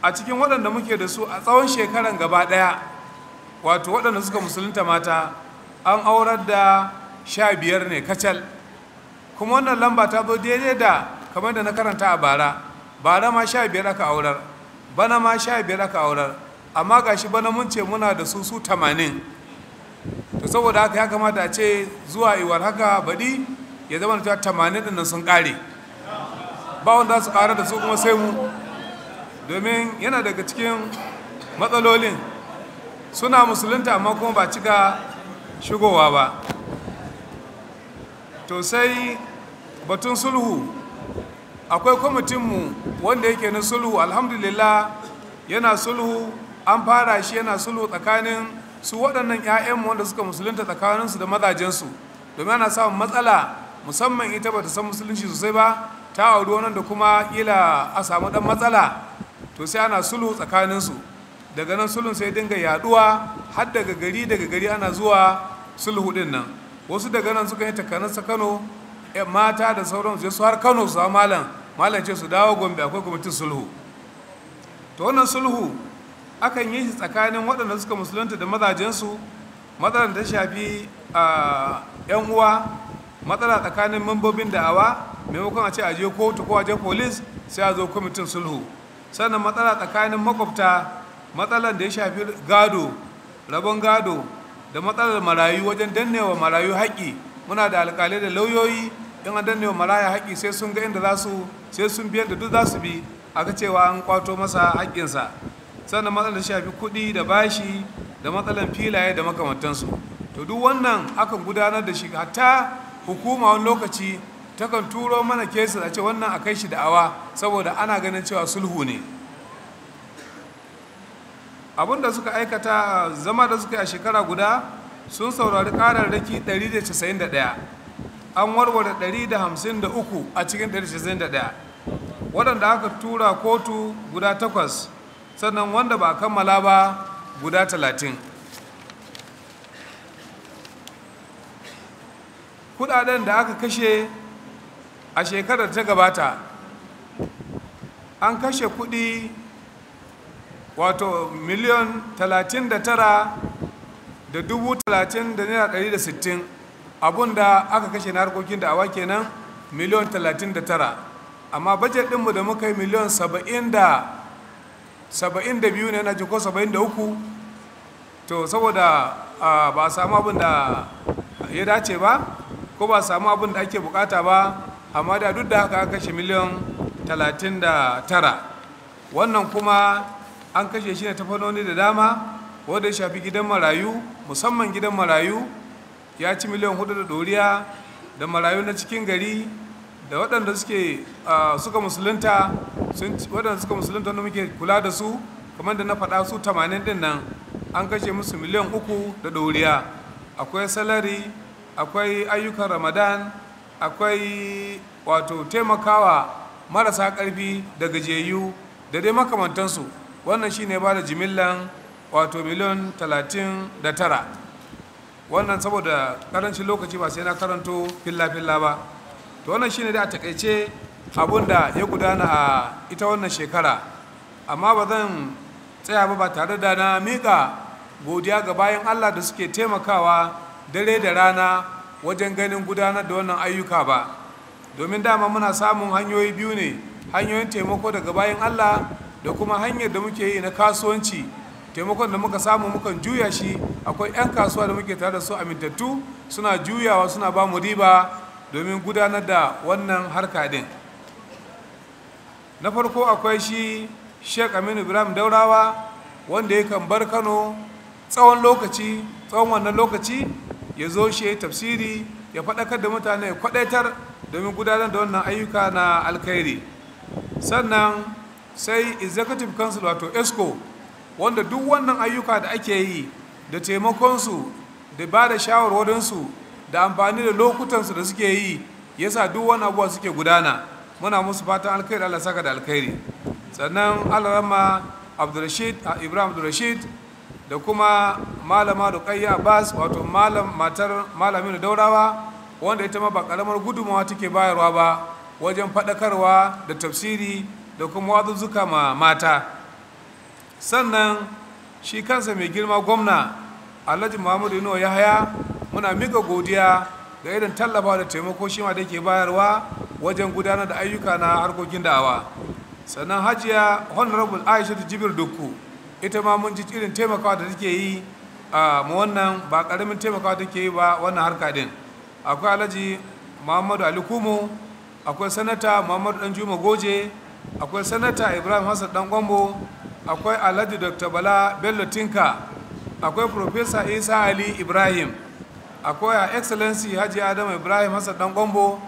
C: a cikin waɗanda muke da su a tsawon shekaran gaba ɗaya wato waɗanda suka musulunta mata an aurar da sha biyar ne kacal kuma wannan lamba ta zo daidai da kamar da na karanta a bara bara ma sha biyar aka aurar bana ma sha biyar aka aurar amma gashi bana mun ce muna da su su tamanin to saboda haka ya kamata a ce zuwa iwar haka baɗi ya zama da tamanin ɗin sun kare. ba wanda su ƙara da su kuma sai mu domin yana daga cikin matsalolin suna musulunta amma kuma ba cika shigowa ba to sai batun sulhu akwai kwamitinmu wanda yake na sulhu alhamdulillah yana sulhu an fara shi yana sulhu tsakanin su waɗannan 'ya'yanmu wanda suka musulunta tsakaninsu da mazajensu domin ana samun matsala musamman ita ba san musulunci sosai ba ta auri wannan da kuma ila a samu ɗan matsala to sai ana sulhu tsakaninsu daga nan sulhun sai dinga yaɗuwa har daga gari daga gari ana zuwa sulhu ɗin nan wasu daga nan suka yi takanarsa kano mata da sauran su su har kano su malam malam ce su dawo gombe akwai kwamitin sulhu Ta wannan sulhu akan yi shi tsakanin waɗanda suka musulunta da mazajensu matsalar ta shafi a yan uwa matsala tsakanin mambobin da'awa maimakon a ce a je kotu ko a je polis sai a zo kwamitin sulhu sannan matsala tsakanin makwabta matsalar da ya shafi gado rabon gado da matsalar marayu wajen dannewa marayu haƙƙi muna da alƙalai da lauyoyi in an danne wa maraya haƙƙi sai sun ga inda za su sai sun biyar da duk za su bi aka cewa an kwato masa haƙƙinsa sannan matsalar da shafi kuɗi da bashi da matsalar filaye da makamantansu to duk wannan akan gudanar da shi hatta hukuma wani lokaci takan turo mana kesin a ce wannan a kai shi da'awa saboda ana ganin cewa sulhu ne abinda suka aikata zama da suka yi a shekara guda sun saurari ƙararraki 191 an warware 153 a cikin 191 waɗanda aka tura kotu guda takwas sannan wanda ba kammala ba guda talatin kudaden da aka kashe a shekarar ta gabata an kashe kudi wato miliyan tara. da dubu talatin da naira ɗari da sittin abun da aka kashe na harkokin da'awa kenan miliyon talatin da tara amma bajet ɗinmu da muka yi miliyon saba'in da saba'in da biyu ne na jiko saba'in da uku to saboda ba a samu abin da ya dace ba ko ba a samu abin da ake bukata ba amma da duk da haka aka kashe miliyon talatin da tara wannan kuma an kashe shi ne ta fannoni da dama wanda ya shafi gidan marayu musamman gidan marayu ya ci miliyan hudu da doriya da marayu na cikin gari da waɗanda suka musulunta waɗanda suka musulunta wanda muke kula da su kamar da na faɗa su tamanin din nan an kashe musu miliyan uku da doriya akwai salari akwai ayyukan ramadan akwai wato taimakawa marasa ƙarfi da gajiyayyu da dai makamantansu wannan shine ba da jimillan wato miliyan tara wannan saboda karancin lokaci ba sai na karanto filla-filla ba to wannan shine da a takaice abun da ya gudana a ita wannan shekara amma ba zan tsaya ba ba tare da na miƙa godiya ga bayan allah da suke taimakawa dare da rana wajen ganin gudanar da wannan ayyuka ba domin dama muna samun hanyoyi biyu ne hanyoyin taimako daga bayan allah da kuma hanyar da muke yi na kasuwanci taimakon da muka samu mukan juya shi akwai 'yan kasuwa da muke tare da su amintattu suna juyawa suna ba mu riba domin gudanar da wannan harka din na farko akwai shi sheik aminu ibrahim daurawa wanda ya kan bar kano tsawon lokaci tsawon wannan lokaci ya zo shi ya tafsiri ya faɗakar da mutane ya kwaɗaitar domin gudanar da wannan ayyuka na alkhairi sannan sai executive council wato esco wanda duk wannan ayyuka da ake yi da taimakonsu da ba da shawarwarinsu da amfani da lokutansu da suke yi ya sa duk wani abuwa suke gudana muna musu fatan alkhairi Allah saka da alkhairi sannan alarama a ibrahim abdurashid da kuma malama Rukayya abbas wato malam matar malamin daurawa wanda ita ma ba karamar gudunmawa take bayarwa ba wajen faɗakarwa da tafsiri da kuma wazuzzuka ma mata sannan shi kansa mai girma gwamna alhaji muhammadu yano ya haya muna mika godiya ga irin tallafa da taimako shi ma da ke bayarwa wajen gudanar da ayyuka na harkokin da'awa sannan hajiya honorable aisha jibir dukku ita ma mun ji irin taimakawa da take yi a wannan ba karamin taimakawa da take yi ba wannan harka din akwai alhaji muhammadu ali kumo akwai sanata muhammadu danjuma goje akwai sanata ibrahim hassan dan gombo akwai alhaji dr bala bello tinka akwai professor isa ali ibrahim akwai a excellency hajiya adamu ibrahim hassan dan gombo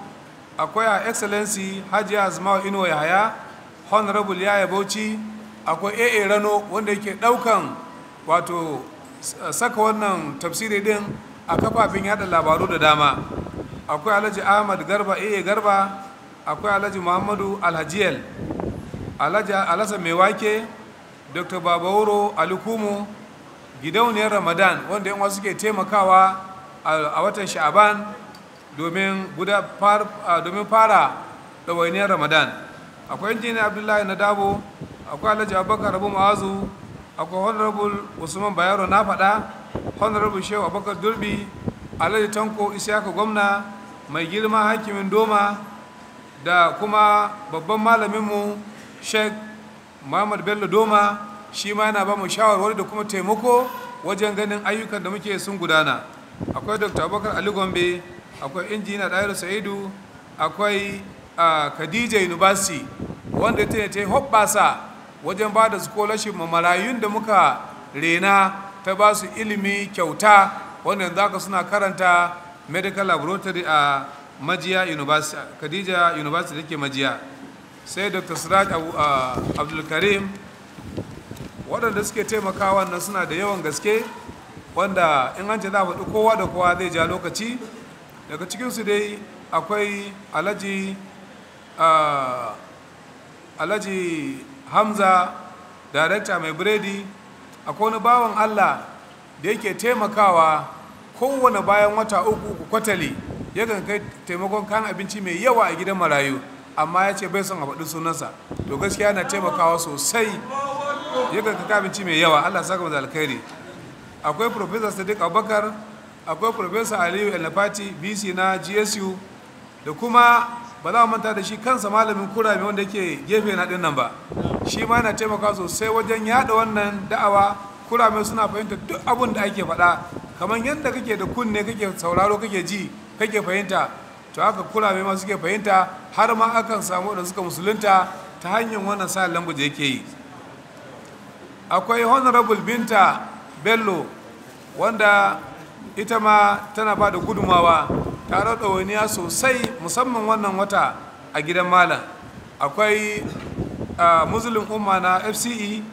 C: akwai a excellency hajiya azmawa ino yahaya honorable yaya bauchi akwai aa rano wanda yake daukan wato saka wannan tafsiri din a kafafin yada labaru da dama akwai alhaji ahmad garba aa garba akwai alhaji muhammadu alhajiyel alhaji alhassan mai wake dr babawuro alukumu gidauniyar ramadan wanda yan wasu taimakawa a watan sha'aban domin fara ɗawainiyar ramadan akwai injiniya abdullahi na dabo akwai alhaji abubakar rabu ma'azu akwai honorable usman bayero na faɗa honorable shehu abubakar durbi alhaji tanko isiyaka gwamna mai girma hakimin doma da kuma babban malaminmu sheikh Muhammad Bello Doma shi ma yana ba mu shawarwari da kuma taimako wajen ganin ayyukan da muke sun gudana akwai Dr. Abubakar Ali Gombe akwai injiniya Dairu Sa'idu akwai Khadija Yunibasi wanda ta ta hobbasa wajen ba da scholarship ma marayun da muka rena ta ba su ilimi kyauta wanda yanzu haka suna karanta medical laboratory a Majiya Khadija University da ke Majiya sai dr siraj abdulkarim waɗanda suke taimakawa nan suna da yawan gaske wanda in an ce za faɗi kowa da kowa zai ja lokaci daga cikinsu dai akwai alhaji alhaji hamza darekta mai biredi akwai wani bawan allah da yake taimakawa kowane bayan wata uku uku kwatali yakan kai taimakon kan abinci mai yawa a gidan marayu amma ya ce bai son a faɗi sunansa to gaskiya yana taimakawa sosai yakan ka kabinci mai yawa allah saka da alkhairi akwai professor sadiq abubakar akwai professor aliyu elnafati bc na gsu da kuma ba za manta da shi kansa malamin kurame wanda yake gefe na dinnan ba shi ma yana taimakawa sosai wajen yada wannan da'awa kurame suna fahimta duk abin da ake faɗa kamar yadda kake da kunne kake sauraro kake ji kake fahimta to haka mai ma suke fahimta har ma akan samu da suka musulunta ta hanyar wannan sa lambu da yake yi akwai honorable binta bello wanda ita ma tana ba da gudumawa tare waniya sosai musamman wannan wata a gidan malam akwai uh, muslim umma na fce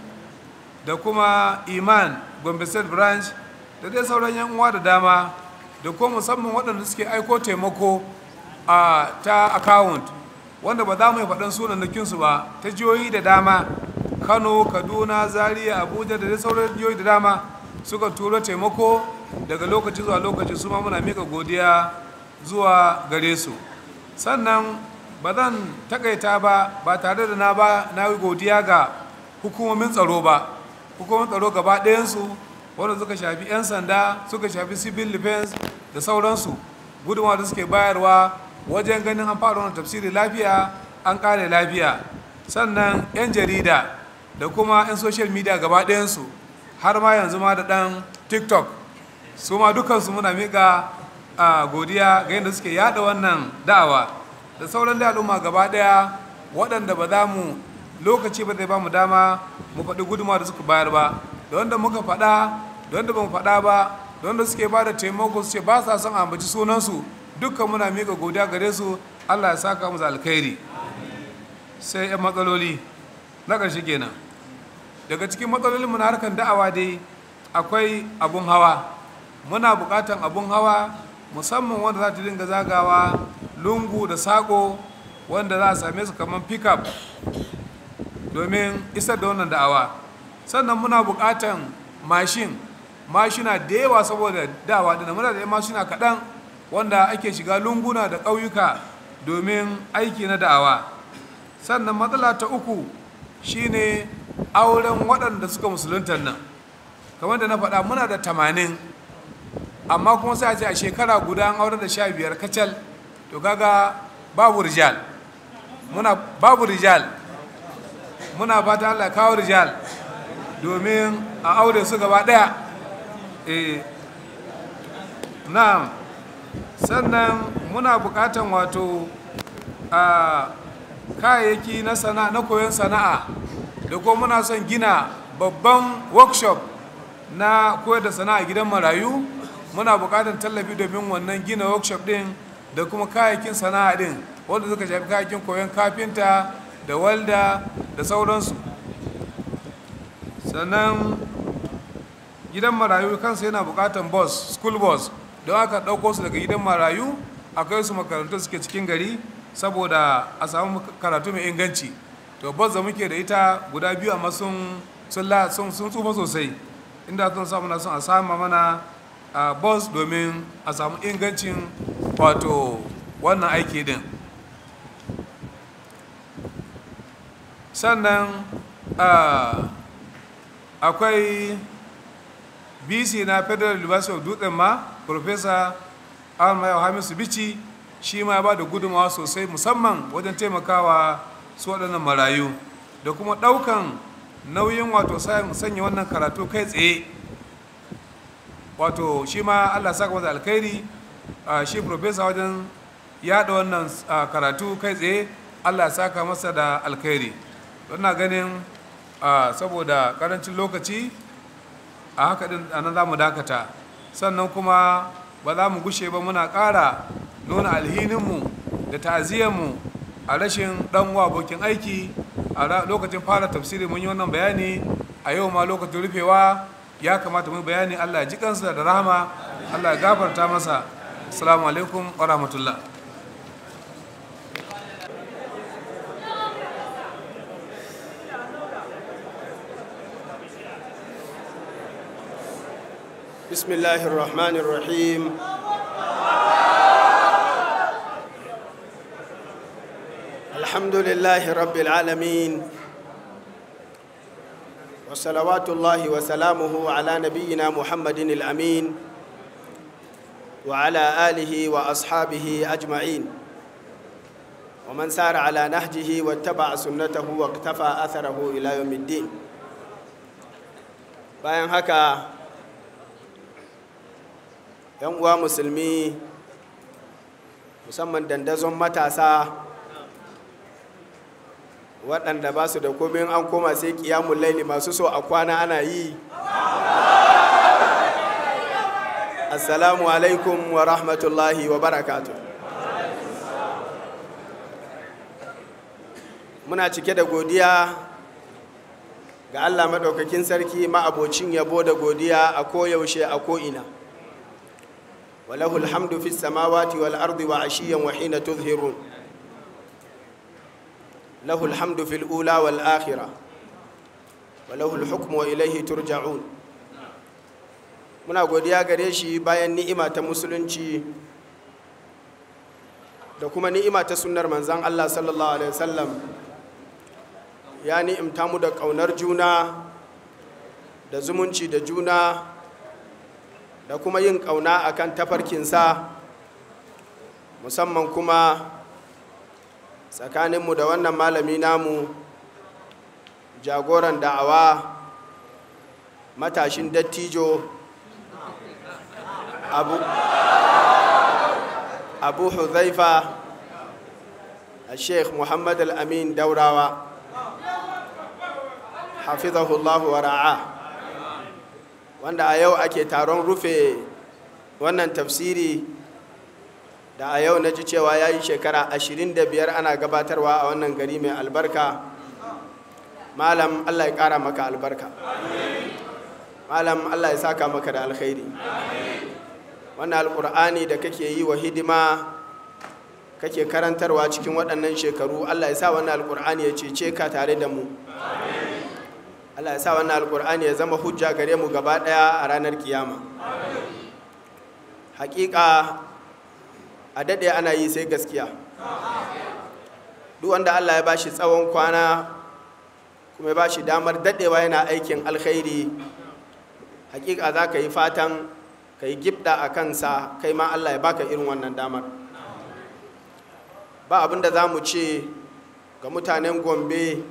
C: da kuma iman gombe state branch da dai sauran yan uwa da dama da kuma musamman waɗanda suke aiko taimako a ta account wanda ba za mu yi faɗin nukinsu ba ta jiyoyi da dama kano kaduna zaria abuja da dai sauran jiyoyi da dama suka turo taimako daga lokaci zuwa lokaci su ma muna mika godiya zuwa gare su sannan ba zan takaita ba ba tare da na ba na godiya ga hukumomin tsaro ba hukumomin tsaro gaba ɗayansu wanda suka shafi 'yan sanda suka shafi civil defense da sauransu gudunmawa da suke bayarwa wajen ganin an fara wani tafsiri lafiya an kare lafiya sannan 'yan jarida da kuma 'yan social media gaba ɗayansu har ma yanzu ma da ɗan tiktok su ma dukansu muna miƙa godiya ga yadda suke yada wannan da'awa da sauran da al'umma gaba ɗaya waɗanda ba za mu lokaci ba zai ba mu dama mu faɗi guduma da suka bayar ba da wanda muka faɗa da wanda ba mu faɗa ba da wanda suke ba da taimako su ce ba sa son ambaci sunansu dukkan muna mika godiya gare su allah ya saka musu alkhairi sai yan matsaloli na ƙarshe kenan daga cikin matsalolinmu na harkar da'awa dai akwai abun hawa muna buƙatan abun hawa musamman wanda za ta dinga zagawa lungu da saƙo wanda za a same su kamar pickup domin isar da wannan da'awa sannan muna buƙatan mashin mashina da yawa saboda da'awa da muna da mashina kaɗan wanda ake shiga lunguna da ƙauyuka domin aiki na da'awa sannan matsala ta uku shine auren waɗanda suka musuluntar nan kamar da na faɗa muna da tamanin amma kuma sai a ce a shekara guda an aure da sha biyar kacal to kaga babu rijal muna babu rijal muna fata Allah kawo rijal domin a aure su gaba ɗaya eh na'am sannan muna bukatan wato a kayayyaki na sana na koyon sana'a da kuma muna son gina babban workshop na koyar da sana'a gidan marayu muna bukatan tallafi domin wannan gina workshop din da kuma kayayyakin sana'a din wanda suka shafi kayayyakin koyon kafinta da walda da sauransu sannan gidan marayu kansa yana bukatan bus school bus don aka ɗauko su daga gidan marayu akwai su makarantu suke cikin gari saboda a samu karatu mai inganci to bas da muke da ita guda biyu amma sun sun tsufa sosai inda sun samu na sun a sama mana a bus domin a samu ingancin wato wannan aiki din sannan akwai bc na federal university of dutsen ma Profesa almayo hamisu bici shi ma ya ba da gudunmawa sosai musamman wajen taimakawa su waɗannan marayu da kuma ɗaukan nauyin wato sanya wannan karatu kai tsaye wato shi ma allah saka masa alkhairi shi Profesa wajen yaɗa wannan karatu kai tsaye allah saka masa da alkhairi na ganin saboda karancin lokaci a haka din anan zamu za mu dakata sannan kuma ba za mu gushe ba muna ƙara nuna alhininmu da ta'aziyarmu a rashin ɗan abokin aiki a lokacin fara tafsiri mun yi wannan bayani a yau ma lokacin rufewa ya kamata mu bayani allah ji kansa da rahama allah ya gafarta masa assalamu alaikum wa rahmatullah
D: بسم الله الرحمن الرحيم الحمد لله رب العالمين وصلوات الله وسلامه على نبينا محمد الأمين وعلى آله وأصحابه أجمعين ومن سار على نهجه واتبع سنته واقتفى أثره إلى يوم الدين باين 'yan uwa musulmi musamman dandazon matasa waɗanda ba su da komin an koma sai kiyamun laili masu so a kwana ana yi assalamu alaikum wa rahmatullahi wa barakatu muna cike da godiya ga allah maɗaukakin sarki ma'abocin yabo da godiya a koyaushe a ko'ina وله الحمد في السماوات والأرض وعشيا وحين تظهرون له الحمد في الأولى والآخرة وله الحكم وإليه ترجعون muna godiya gare shi bayan ni'ima ta musulunci da kuma ni'ima ta sunnar manzan Allah sallallahu alaihi wasallam ya ni'imta mu da ƙaunar juna da zumunci da juna da kuma yin ƙauna a kan tafarkinsa musamman kuma tsakaninmu da wannan malami namu jagoran da'awa matashin dattijo abu abu huzaifa a sheikh muhammad al-amin daurawa hafizahullahu wa ra'a wanda a yau ake taron rufe wannan tafsiri da a yau na ji cewa ya yi shekara 25 ana gabatarwa a wannan gari mai albarka malam allah ya kara maka albarka malam allah ya saka maka da alkhairi wannan alkur'ani da kake yi wa hidima kake karantarwa cikin waɗannan shekaru allah ya sa wannan alkur'ani ya cece ka tare da mu Allah ya sa wannan alkur'ani ya zama hujja gare mu gaba daya a ranar kiyama hakika a daɗe ana yi sai gaskiya duk wanda Allah ya bashi tsawon kwana kuma ya bashi damar daɗewa yana aikin alkhairi hakika za ka yi fatan ka yi gibda a kansa kai ma Allah ya baka irin wannan damar ba abin da za mu ce ga mutanen gombe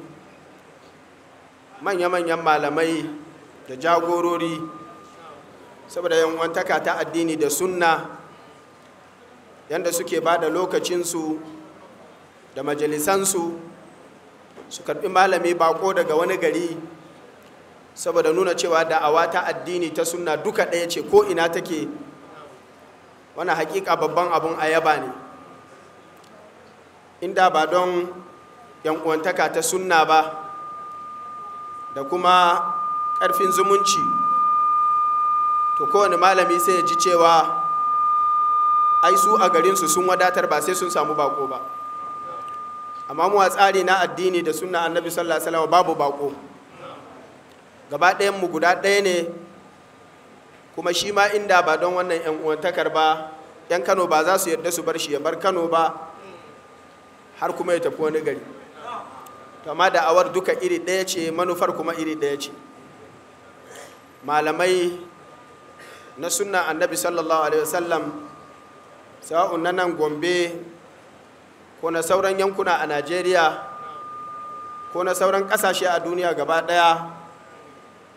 D: manya-manyan malamai da jagorori saboda yanwantaka ta addini da sunna yadda suke ba da lokacinsu da majalisansu su karbi malami bako daga wani gari saboda nuna cewa da'awa ta addini ta sunna duka ɗaya ce ko ina take wani hakika babban abun ayaba ne inda ba don yankuwantaka ta sunna ba da kuma ƙarfin zumunci to kowane malami sai ya ji cewa ai su a garinsu sun wadatar ba sai sun samu bako ba amma mu a tsari na addini da sunna annabi sallallahu alaihi babu bako gaba ɗayan mu guda ɗaya ne kuma shi ma inda ba don wannan yan uwantakar ba yan Kano ba za su yarda su bar shi ya bar Kano ba har kuma ya tafi wani gari to amma awar duka iri ɗaya ce manufar kuma iri ɗaya ce malamai na sunna annabi sallallahu alaihi wasallam sa'un na nan gombe ko na sauran yankuna a najeriya ko na sauran ƙasashe a duniya gaba ɗaya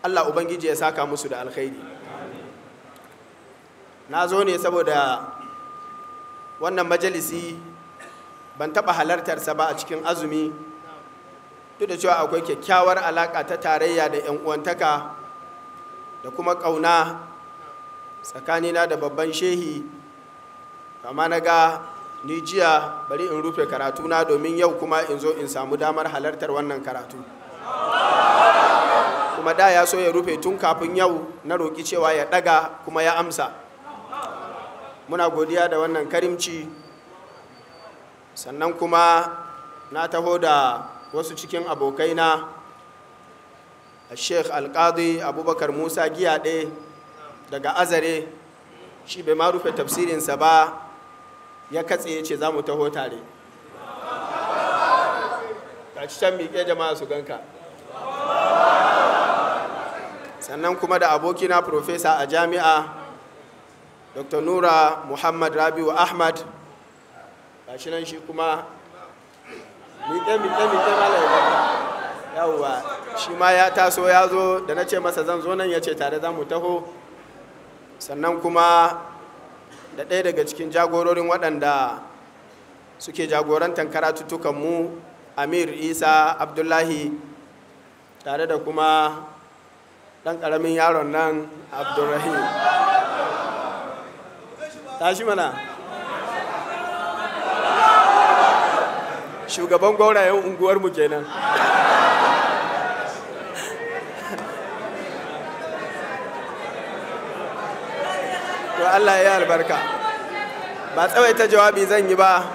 D: allah ubangiji ya saka musu da alkhairi na zo ne saboda wannan majalisi ban taɓa halartarsa ba a cikin azumi duk da cewa akwai kyakkyawar alaƙa ta tarayya da 'yan uwantaka da kuma ƙauna tsakanina da babban shehi kama na ga ni jiya bari in rufe karatuna domin yau kuma in zo in samu damar halartar wannan karatu kuma da ya so ya rufe tun kafin yau na roƙi cewa ya ɗaga kuma ya amsa muna godiya da wannan karimci sannan kuma na taho da wasu cikin abokaina sheikh alkadi abubakar musa giya giyaɗe daga azare shi bai ma rufe tafsirinsa ba ya katse ya ce za mu taho tare ci can miƙe jama'a su ganka sannan kuma da abokina profesa a jami'a dr nura muhammad rabiu ahmad shi nan shi kuma miƙe miƙe miƙe yawwa shi ma ya taso ya zo da na ce masa zan zo nan ya ce tare za mu taho sannan kuma da ɗaya daga cikin jagororin waɗanda suke jagorantar mu amir isa abdullahi tare da kuma ɗan ƙaramin yaron nan ta shi mana shugaban gwaurayen unguwarmu kenan to Allah ya albarka ba tsawaita jawabi zan yi ba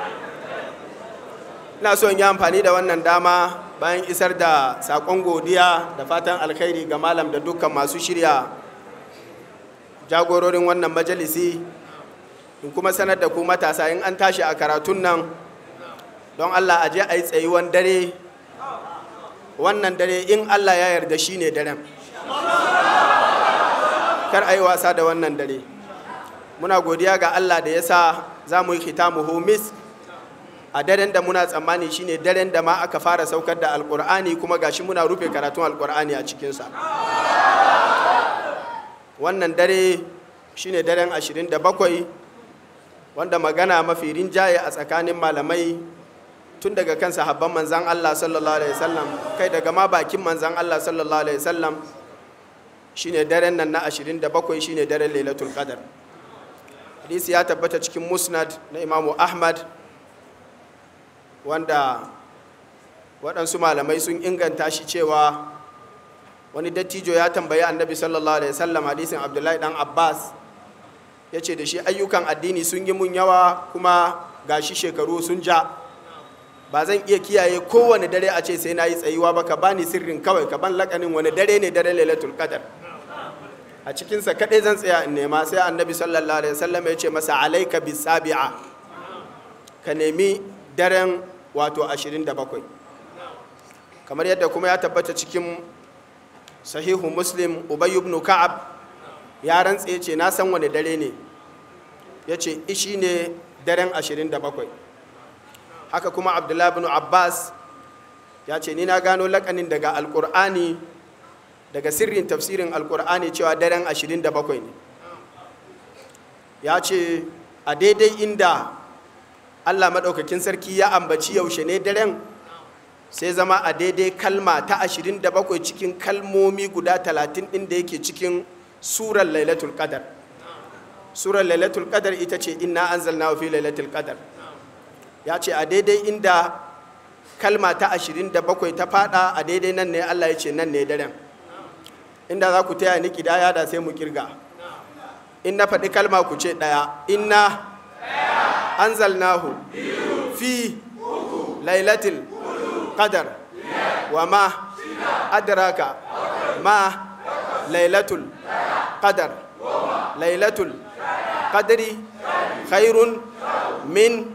D: ina so in yi amfani da wannan dama bayan isar da sakon godiya da fatan alkhairi ga malam da dukkan masu shirya jagororin wannan majalisi in kuma sanar da ku matasa in an tashi a karatun nan don Allah a je a yi tsayuwan dare wannan dare in Allah ya yarda shi ne daren kar a yi wasa da wannan dare muna godiya ga Allah da ya sa za mu yi hitamu homis a daren da muna tsammani shine daren da ma aka fara saukar da alkur'ani kuma gashi muna rufe karatun alkur'ani a cikinsa wannan dare shine daren 27 wanda magana mafi rinjaye a tsakanin malamai tun daga kan sahabban manzan Allah sallallahu alaihi wasallam kai daga ma bakin manzan Allah sallallahu alaihi wasallam shine daren nan na 27 shine daren Lailatul Qadar hadisi ya tabbata cikin Musnad na Imam Ahmad wanda waɗansu malamai sun inganta shi cewa wani dattijo ya tambayi annabi sallallahu alaihi wasallam hadisin Abdullahi dan Abbas ya ce da shi ayyukan addini sun yi mun yawa kuma gashi shekaru sun ja ba zan iya kiyaye kowane dare a ce sai na yi tsayuwa ba ka bani sirrin kawai ka ban lakanin wani dare ne dare lailatul qadar a cikinsa kaɗai zan tsaya in nema sai annabi sallallahu alaihi wasallam ya ce masa alaika bi sabi'a ka nemi daren wato 27 kamar yadda kuma ya tabbata cikin sahihu muslim ubay ibn ka'ab ya rantse ce na san wani dare ne ya ce ishi ne daren 27 haka kuma abdullahi bin abbas ya ce ni na gano lakanin daga alkur'ani daga sirrin tafsirin alkur'ani cewa daren 27 ne ya ce a daidai inda allah maɗaukakin sarki ya ambaci yaushe ne daren sai zama a daidai kalma ta 27 cikin kalmomi guda 30 ɗin da yake cikin surar lailatul qadar surar lailatul qadar ita ce inna anzalna fi lailatul qadar ya ce a daidai inda kalma ta ashirin da bakwai ta fada a daidai nan ne Allah ya ce nan ne daren inda za ku taya ni kidaya da sai mu kirga in na faɗi kalma ku ce ɗaya inna anzalnahu fi lailatul qadar wa ma adraka ma lailatul qadar lailatul qadri khairun min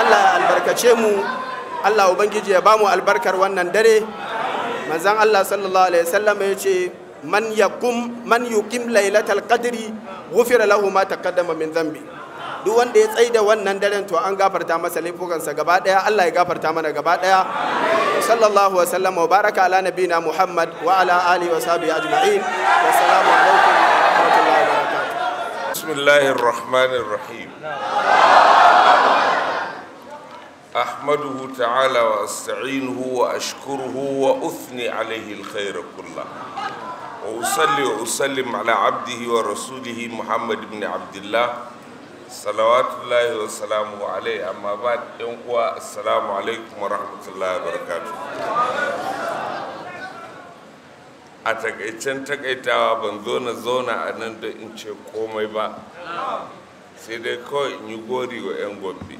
D: Allah ya albarkace mu Allah ubangiji ya bamu albarkar wannan dare manzan Allah sallallahu alaihi wasallam ya ce man yakum man yuqim lailatal qadri ghufira lahu ma taqaddama min dhanbi duk wanda ya tsaida wannan daren to an gafarta masa laifukansa gaba daya Allah ya gafarta mana gaba daya sallallahu wa sallam wa baraka ala nabina Muhammad wa ala ali wa sahbihi
B: ajma'in salamu alaikum wa rahmatullahi wa barakatuh bismillahir
E: rahmanir rahim أحمده تعالى وأستعينه وأشكره وأثني عليه الخير كله وأصلي وأسلم على عبده ورسوله محمد بن عبد الله صلوات الله وسلامه عليه أما بعد ينقوى السلام عليكم ورحمة الله وبركاته a takaicen takaitawa ban zo na zauna a nan da in ce komai ba sai dai kawai in yi gori wa 'yan gombe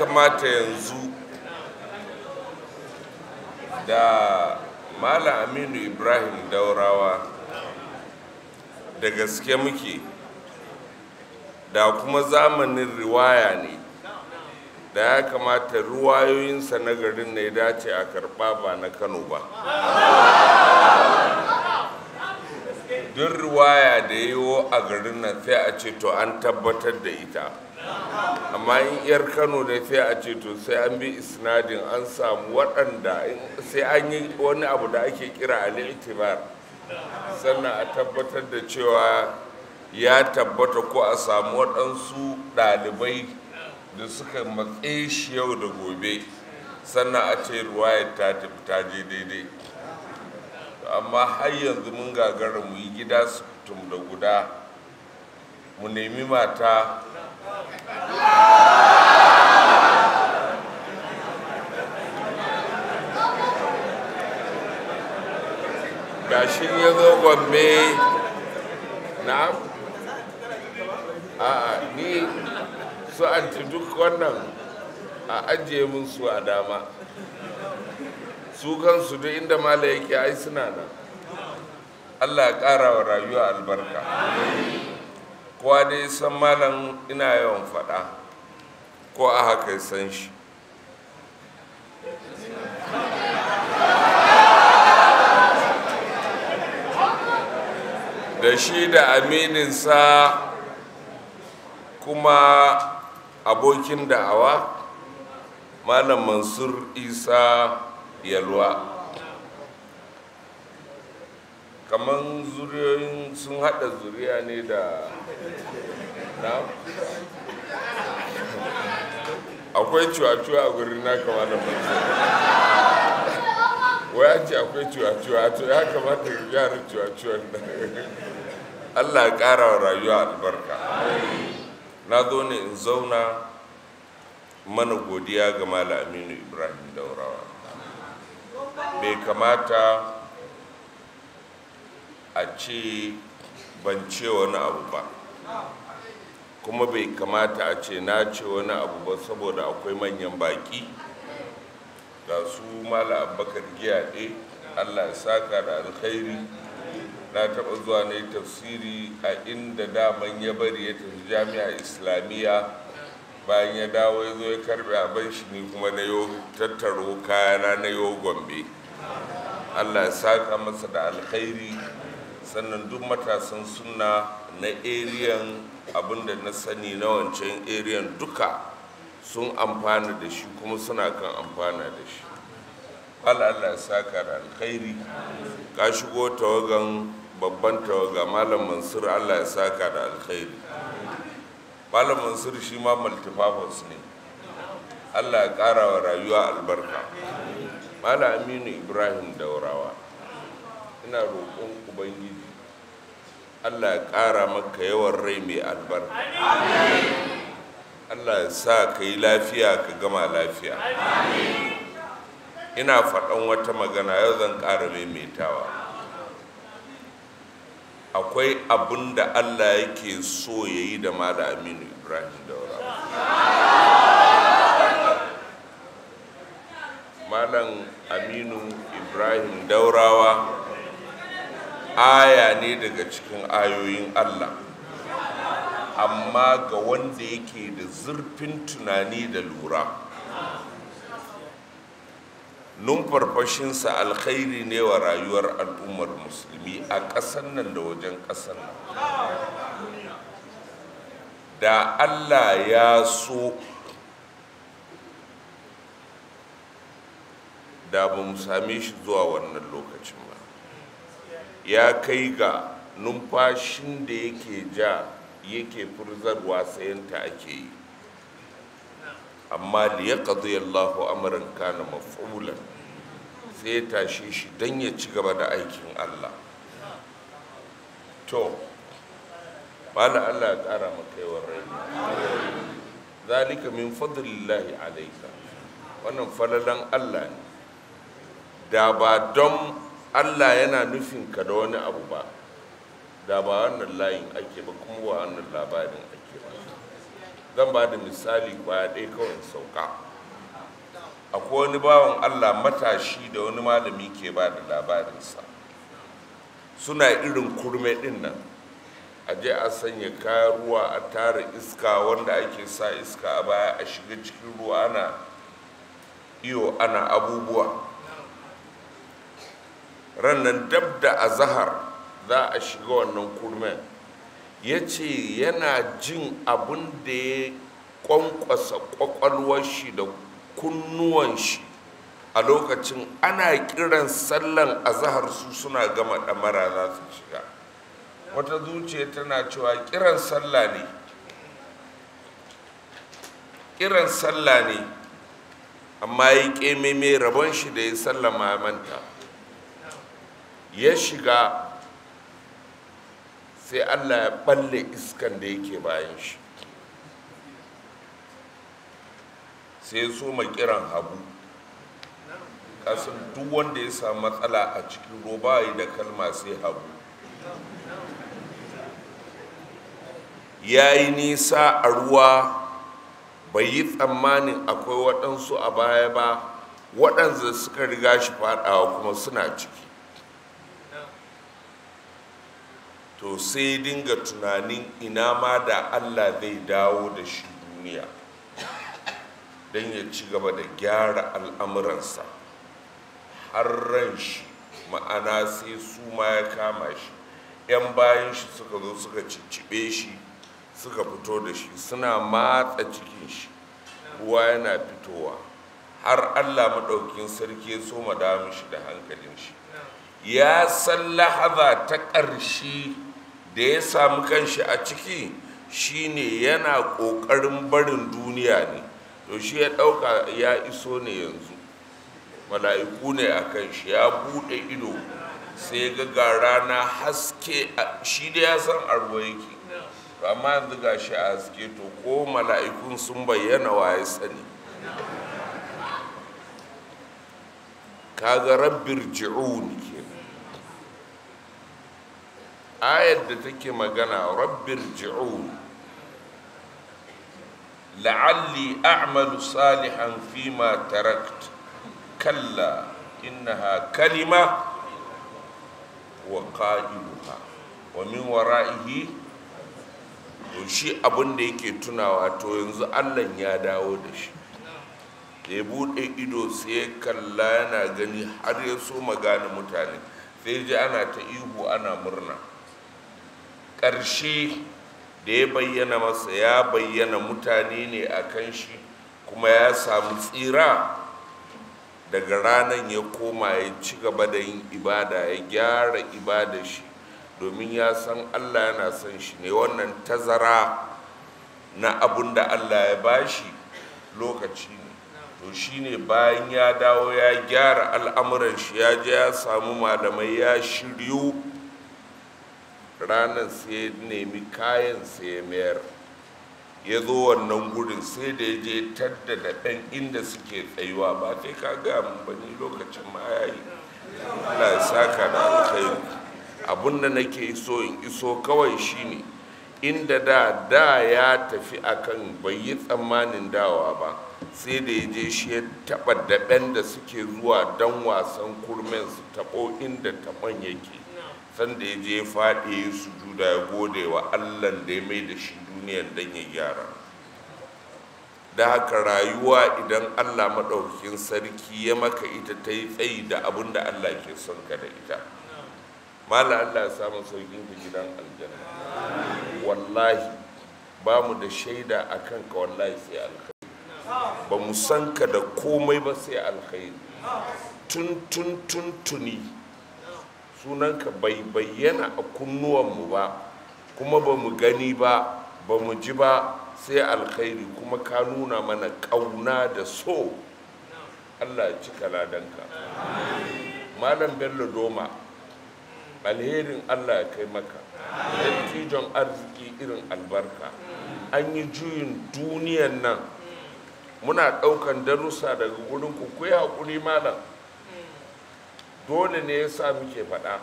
E: kamata yanzu da malam aminu ibrahim daurawa da gaske muke da kuma zamanin riwaya ne da ya kamata ruwayoyinsa na garin ne dace a karba ba na kano ba duk riwaya da yiwo a garin nan sai a ce to an tabbatar da ita amma in yar kano ne sai a ce to sai an bi isnadin an samu waɗanda sai an yi wani abu da ake kira al'itibar sannan a tabbatar da cewa ya tabbata ko a samu waɗansu ɗalibai da suka matse shi yau da gobe sannan a ce ruwayar ta tafi ta je daidai amma har yanzu mun gagara mu yi gida su da guda mu nemi mata gashin ya zo gombe na a ni su anti duk wannan a ajiye min su a dama su kansu duk inda mala yake ai suna nan allah ya ƙara wa rayuwa albarka kowa dai san malam ina yawan faɗa ko a haka san shi da shi da amininsa kuma abokin da'awa malam mansur isa yalwa kamar zuriyoyin sun hada zuriya ne da na akwai cuwa a guri na kama da mace waya ce akwai cuwa-cuwa to ya kamata yara cuwa-cuwan allah ya kara wa rayuwa albarka na zo ne in zauna mana godiya ga mala aminu ibrahim daurawa bai kamata a ce ban ce wani abu ba kuma bai kamata a ce na ce wani abu ba saboda akwai manyan baki Da su mala abubakar ɗe allah ya saka da alkhairi na taɓa zuwa na yi tafsiri a inda daman ya bari ya tafi jami'a islamiyya bayan ya dawo ya zo ya karɓe abin shi ni kuma na yau tattaro kayana na yo gombe allah ya saka masa da alkhairi sannan duk matasan suna na ariyan abinda na sani na wancan ariyan duka sun amfana da shi kuma suna kan amfana da shi allah ya saka da alkhairi ka shigo tawagan babban tawaga malam mansur allah ya saka da alkhairi malam mansur shi ma multifafos ne allah ya kara wa rayuwa albarka malam aminu ibrahim daurawa ina roƙon ubangiji allah ya ƙara maka yawan rai mai albarka allah ya sa ka yi lafiya ka gama lafiya ina faɗan wata magana yau zan ƙara maimaitawa akwai abin da allah yake so ya yi da mala aminu ibrahim daura malam aminu ibrahim daurawa aya ne daga cikin ayoyin Allah
B: amma ga
E: wanda yake da zurfin tunani da lura numfarfashinsa alkhairi ne wa rayuwar al'ummar musulmi a ƙasan nan da wajen ƙasan
B: nan
E: da Allah ya so da ba mu same shi zuwa wannan lokacin ba. ya kai ga numfashin da yake ja yake furzarwa sayanta ake yi amma da ya ƙazi allahu amurin kana mafulan sai ya tashe shi don ya ci gaba da aikin allah to bala allah ya ƙara makaiwar rai zalika min fadlillahi alaika wannan falalan allah ne da ba don allah yana nufin ka da wani abu ba da ba wannan layin ake ba kuma ba wannan labarin ake ba zan ba da misali kwaya ɗaya kawai sauka akwai wani bawan allah matashi da wani malami ke ba da labarinsa suna irin kurme ɗin nan a je a sanya kayan ruwa a tara iska wanda ake sa iska a baya a shiga cikin ruwa ana iyo ana abubuwa rannan dab da azahar za a shiga wannan kurmen ya ce yana jin abin da ya kwankwasa kwakwalwar shi da kunnuwan shi a lokacin ana kiran sallan azahar su suna gama ɗamara za su shiga wata zuciya tana cewa kiran sallah ne kiran sallah ne amma ya yi ƙememe rabon shi da ya sallama manta ya shiga sai allah ya balle iskan da yake bayan shi sai so mai kiran habu kasan duk wanda ya samu matsala a cikin roba da kalma sai habu ya yi nisa a ruwa bai yi tsammanin akwai waɗansu a baya ba waɗanda suka riga shi faɗawa kuma suna ciki to sai dinga tunanin ina ma da allah zai dawo da shi duniya don ya ci gaba da gyara al'amuransa har ran shi ma'ana sai su ma ya kama shi 'yan bayan shi suka zo suka ciccibe shi suka fito da shi suna matsa cikin shi ruwa yana fitowa har allah maɗaukin sarki ya soma ma shi da hankalin shi ya san lahaza ta ƙarshe da ya samu kanshi a ciki shine yana ƙoƙarin barin duniya ne to shi ya ɗauka ya iso ne yanzu mala'iku ne a kan shi ya buɗe ido sai ga ga rana haske shi da ya san arwa yake amma yanzu ga shi a haske to ko mala'ikun sun bayyana wa ya sani kaga rabbir ji'u ke ayar da take magana rabbir ji'u la'alli a'malu salihan fima tarakt kalla innaha kalima wa qa'iluha wa min wara'ihi to shi abin da yake tunawa to yanzu Allah ya dawo da shi da ya buɗe ido sai ya kalla yana gani har ya so magana mutane sai ji ana ta ihu ana murna ƙarshe da ya bayyana masa ya bayyana mutane ne a kan shi kuma ya samu tsira daga ranar ya koma ya ci gaba da yin ibada ya gyara ibada shi domin ya san allah yana son shi ne wannan tazara na abun da allah ya bashi lokaci ne to shi ne bayan ya dawo ya gyara al'amuran shi ya je ya samu malamai ya shiryu ranar sai ya nemi kayan sai mayar ya zo wannan gudun sai da ya je tadda da ɗan inda suke tsayuwa ba sai ka ga mun ba ni lokacin ma ya yi Allah ya saka da alkhairi abun da nake so in iso kawai shine inda da da ya tafi akan bai yi tsammanin dawa ba sai da ya je shi ya taɓa daɓen da suke zuwa don wasan kurmen su taɓo inda taɓon yake san da ya je faɗi su juda ya gode wa allan da ya mai da shi duniyar dan ya gyara da haka rayuwa idan allah maɗaukin sarki ya maka ita ta yi tsayi da abin da allah ke son ka da ita mala allah ya samu saukin ka gidan aljanna wallahi ba mu da shaida a kanka wallahi sai alkhairi ba mu san ka da komai ba sai alkhairi tun tun tun tuni sunanka bai bayyana a kunnuwanmu ba kuma ba mu gani ba ba mu ji ba sai alkhairi kuma ka nuna mana kauna da so allah ya ci malam bello doma alherin allah ya kai maka dattijon arziki irin albarka an yi juyin duniyan nan muna ɗaukan darussa daga gudunku ku yi haƙuri malam dole ne ya sa muke faɗa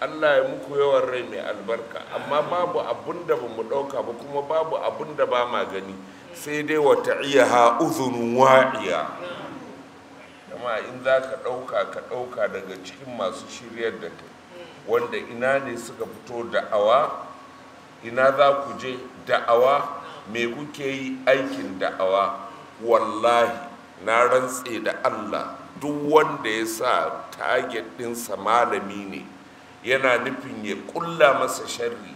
E: allah ya muku yawan rai mai albarka amma babu abun da ba mu ɗauka ba kuma babu abun da ba ma gani sai dai wata iya ha uzunun wa'iya amma in za ka ɗauka ka ɗauka daga cikin masu shiryar da ta wanda ina ne suka fito da'awa ina za ku je da'awa mai kuke yi aikin da'awa wallahi na rantse da allah duk wanda ya sa target ɗinsa malami ne yana nufin ya kulla masa sharri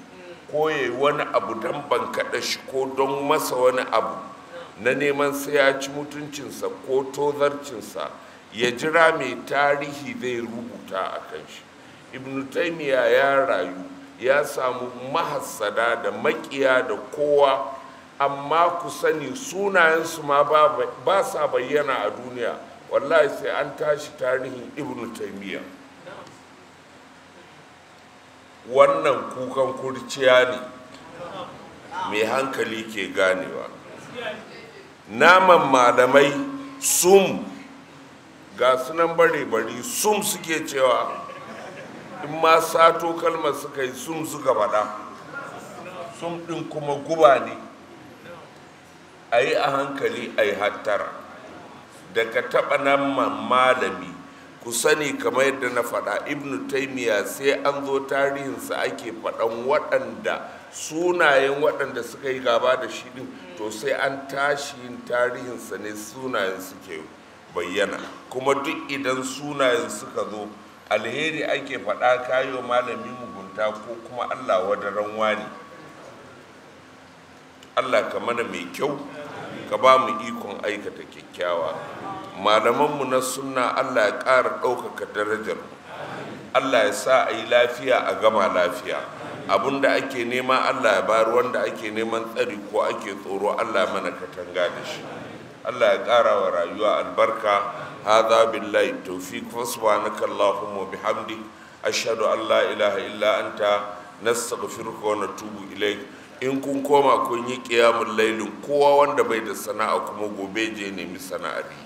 E: ko ya yi wani abu don bankaɗa shi ko don masa wani abu na neman sai ya ci mutuncinsa ko tozarcinsa ya jira mai tarihi zai rubuta a kan shi ibn taymiya ya rayu ya samu mahassada da makiya da kowa amma ku sani sunayensu ma ba sa bayyana a duniya wallahi sai an tashi tarihin ibn taimiyya wannan kukan kurciya ne mai hankali ke ganewa naman malamai sum ga sunan bare-bari sum suke cewa in ma sato kalmar suka yi sum suka faɗa sum ɗin kuma guba ne a yi a hankali a yi hattara da ka taɓa nan malami ku sani kamar yadda na faɗa ibnu taimiya sai an zo tarihinsa ake faɗan waɗanda sunayen waɗanda suka yi gaba da shi ɗin to sai an tashi yin tarihinsa ne sunayen suke bayyana kuma duk idan sunayen suka zo alheri ake faɗa kayo malami mugunta ko kuma allah wadaran wani allah ka mana mai kyau ka ba mu ikon aikata kyakkyawa malamanmu na sunna allah ya ƙara ɗaukaka darajar allah ya sa a yi lafiya a gama lafiya da ake nema allah ya bar wanda ake neman tsari ko ake tsoro allah mana katanga da shi allah ya ƙara wa rayuwa albarka hadha billahi tawfiq wa subhanaka allahumma bihamdi ashhadu an la ilaha illa anta nastaghfiruka wa natubu ilayk in kun koma kun yi ƙiyamun lailin kowa wanda bai da sana'a kuma gobe je nemi sana'a yi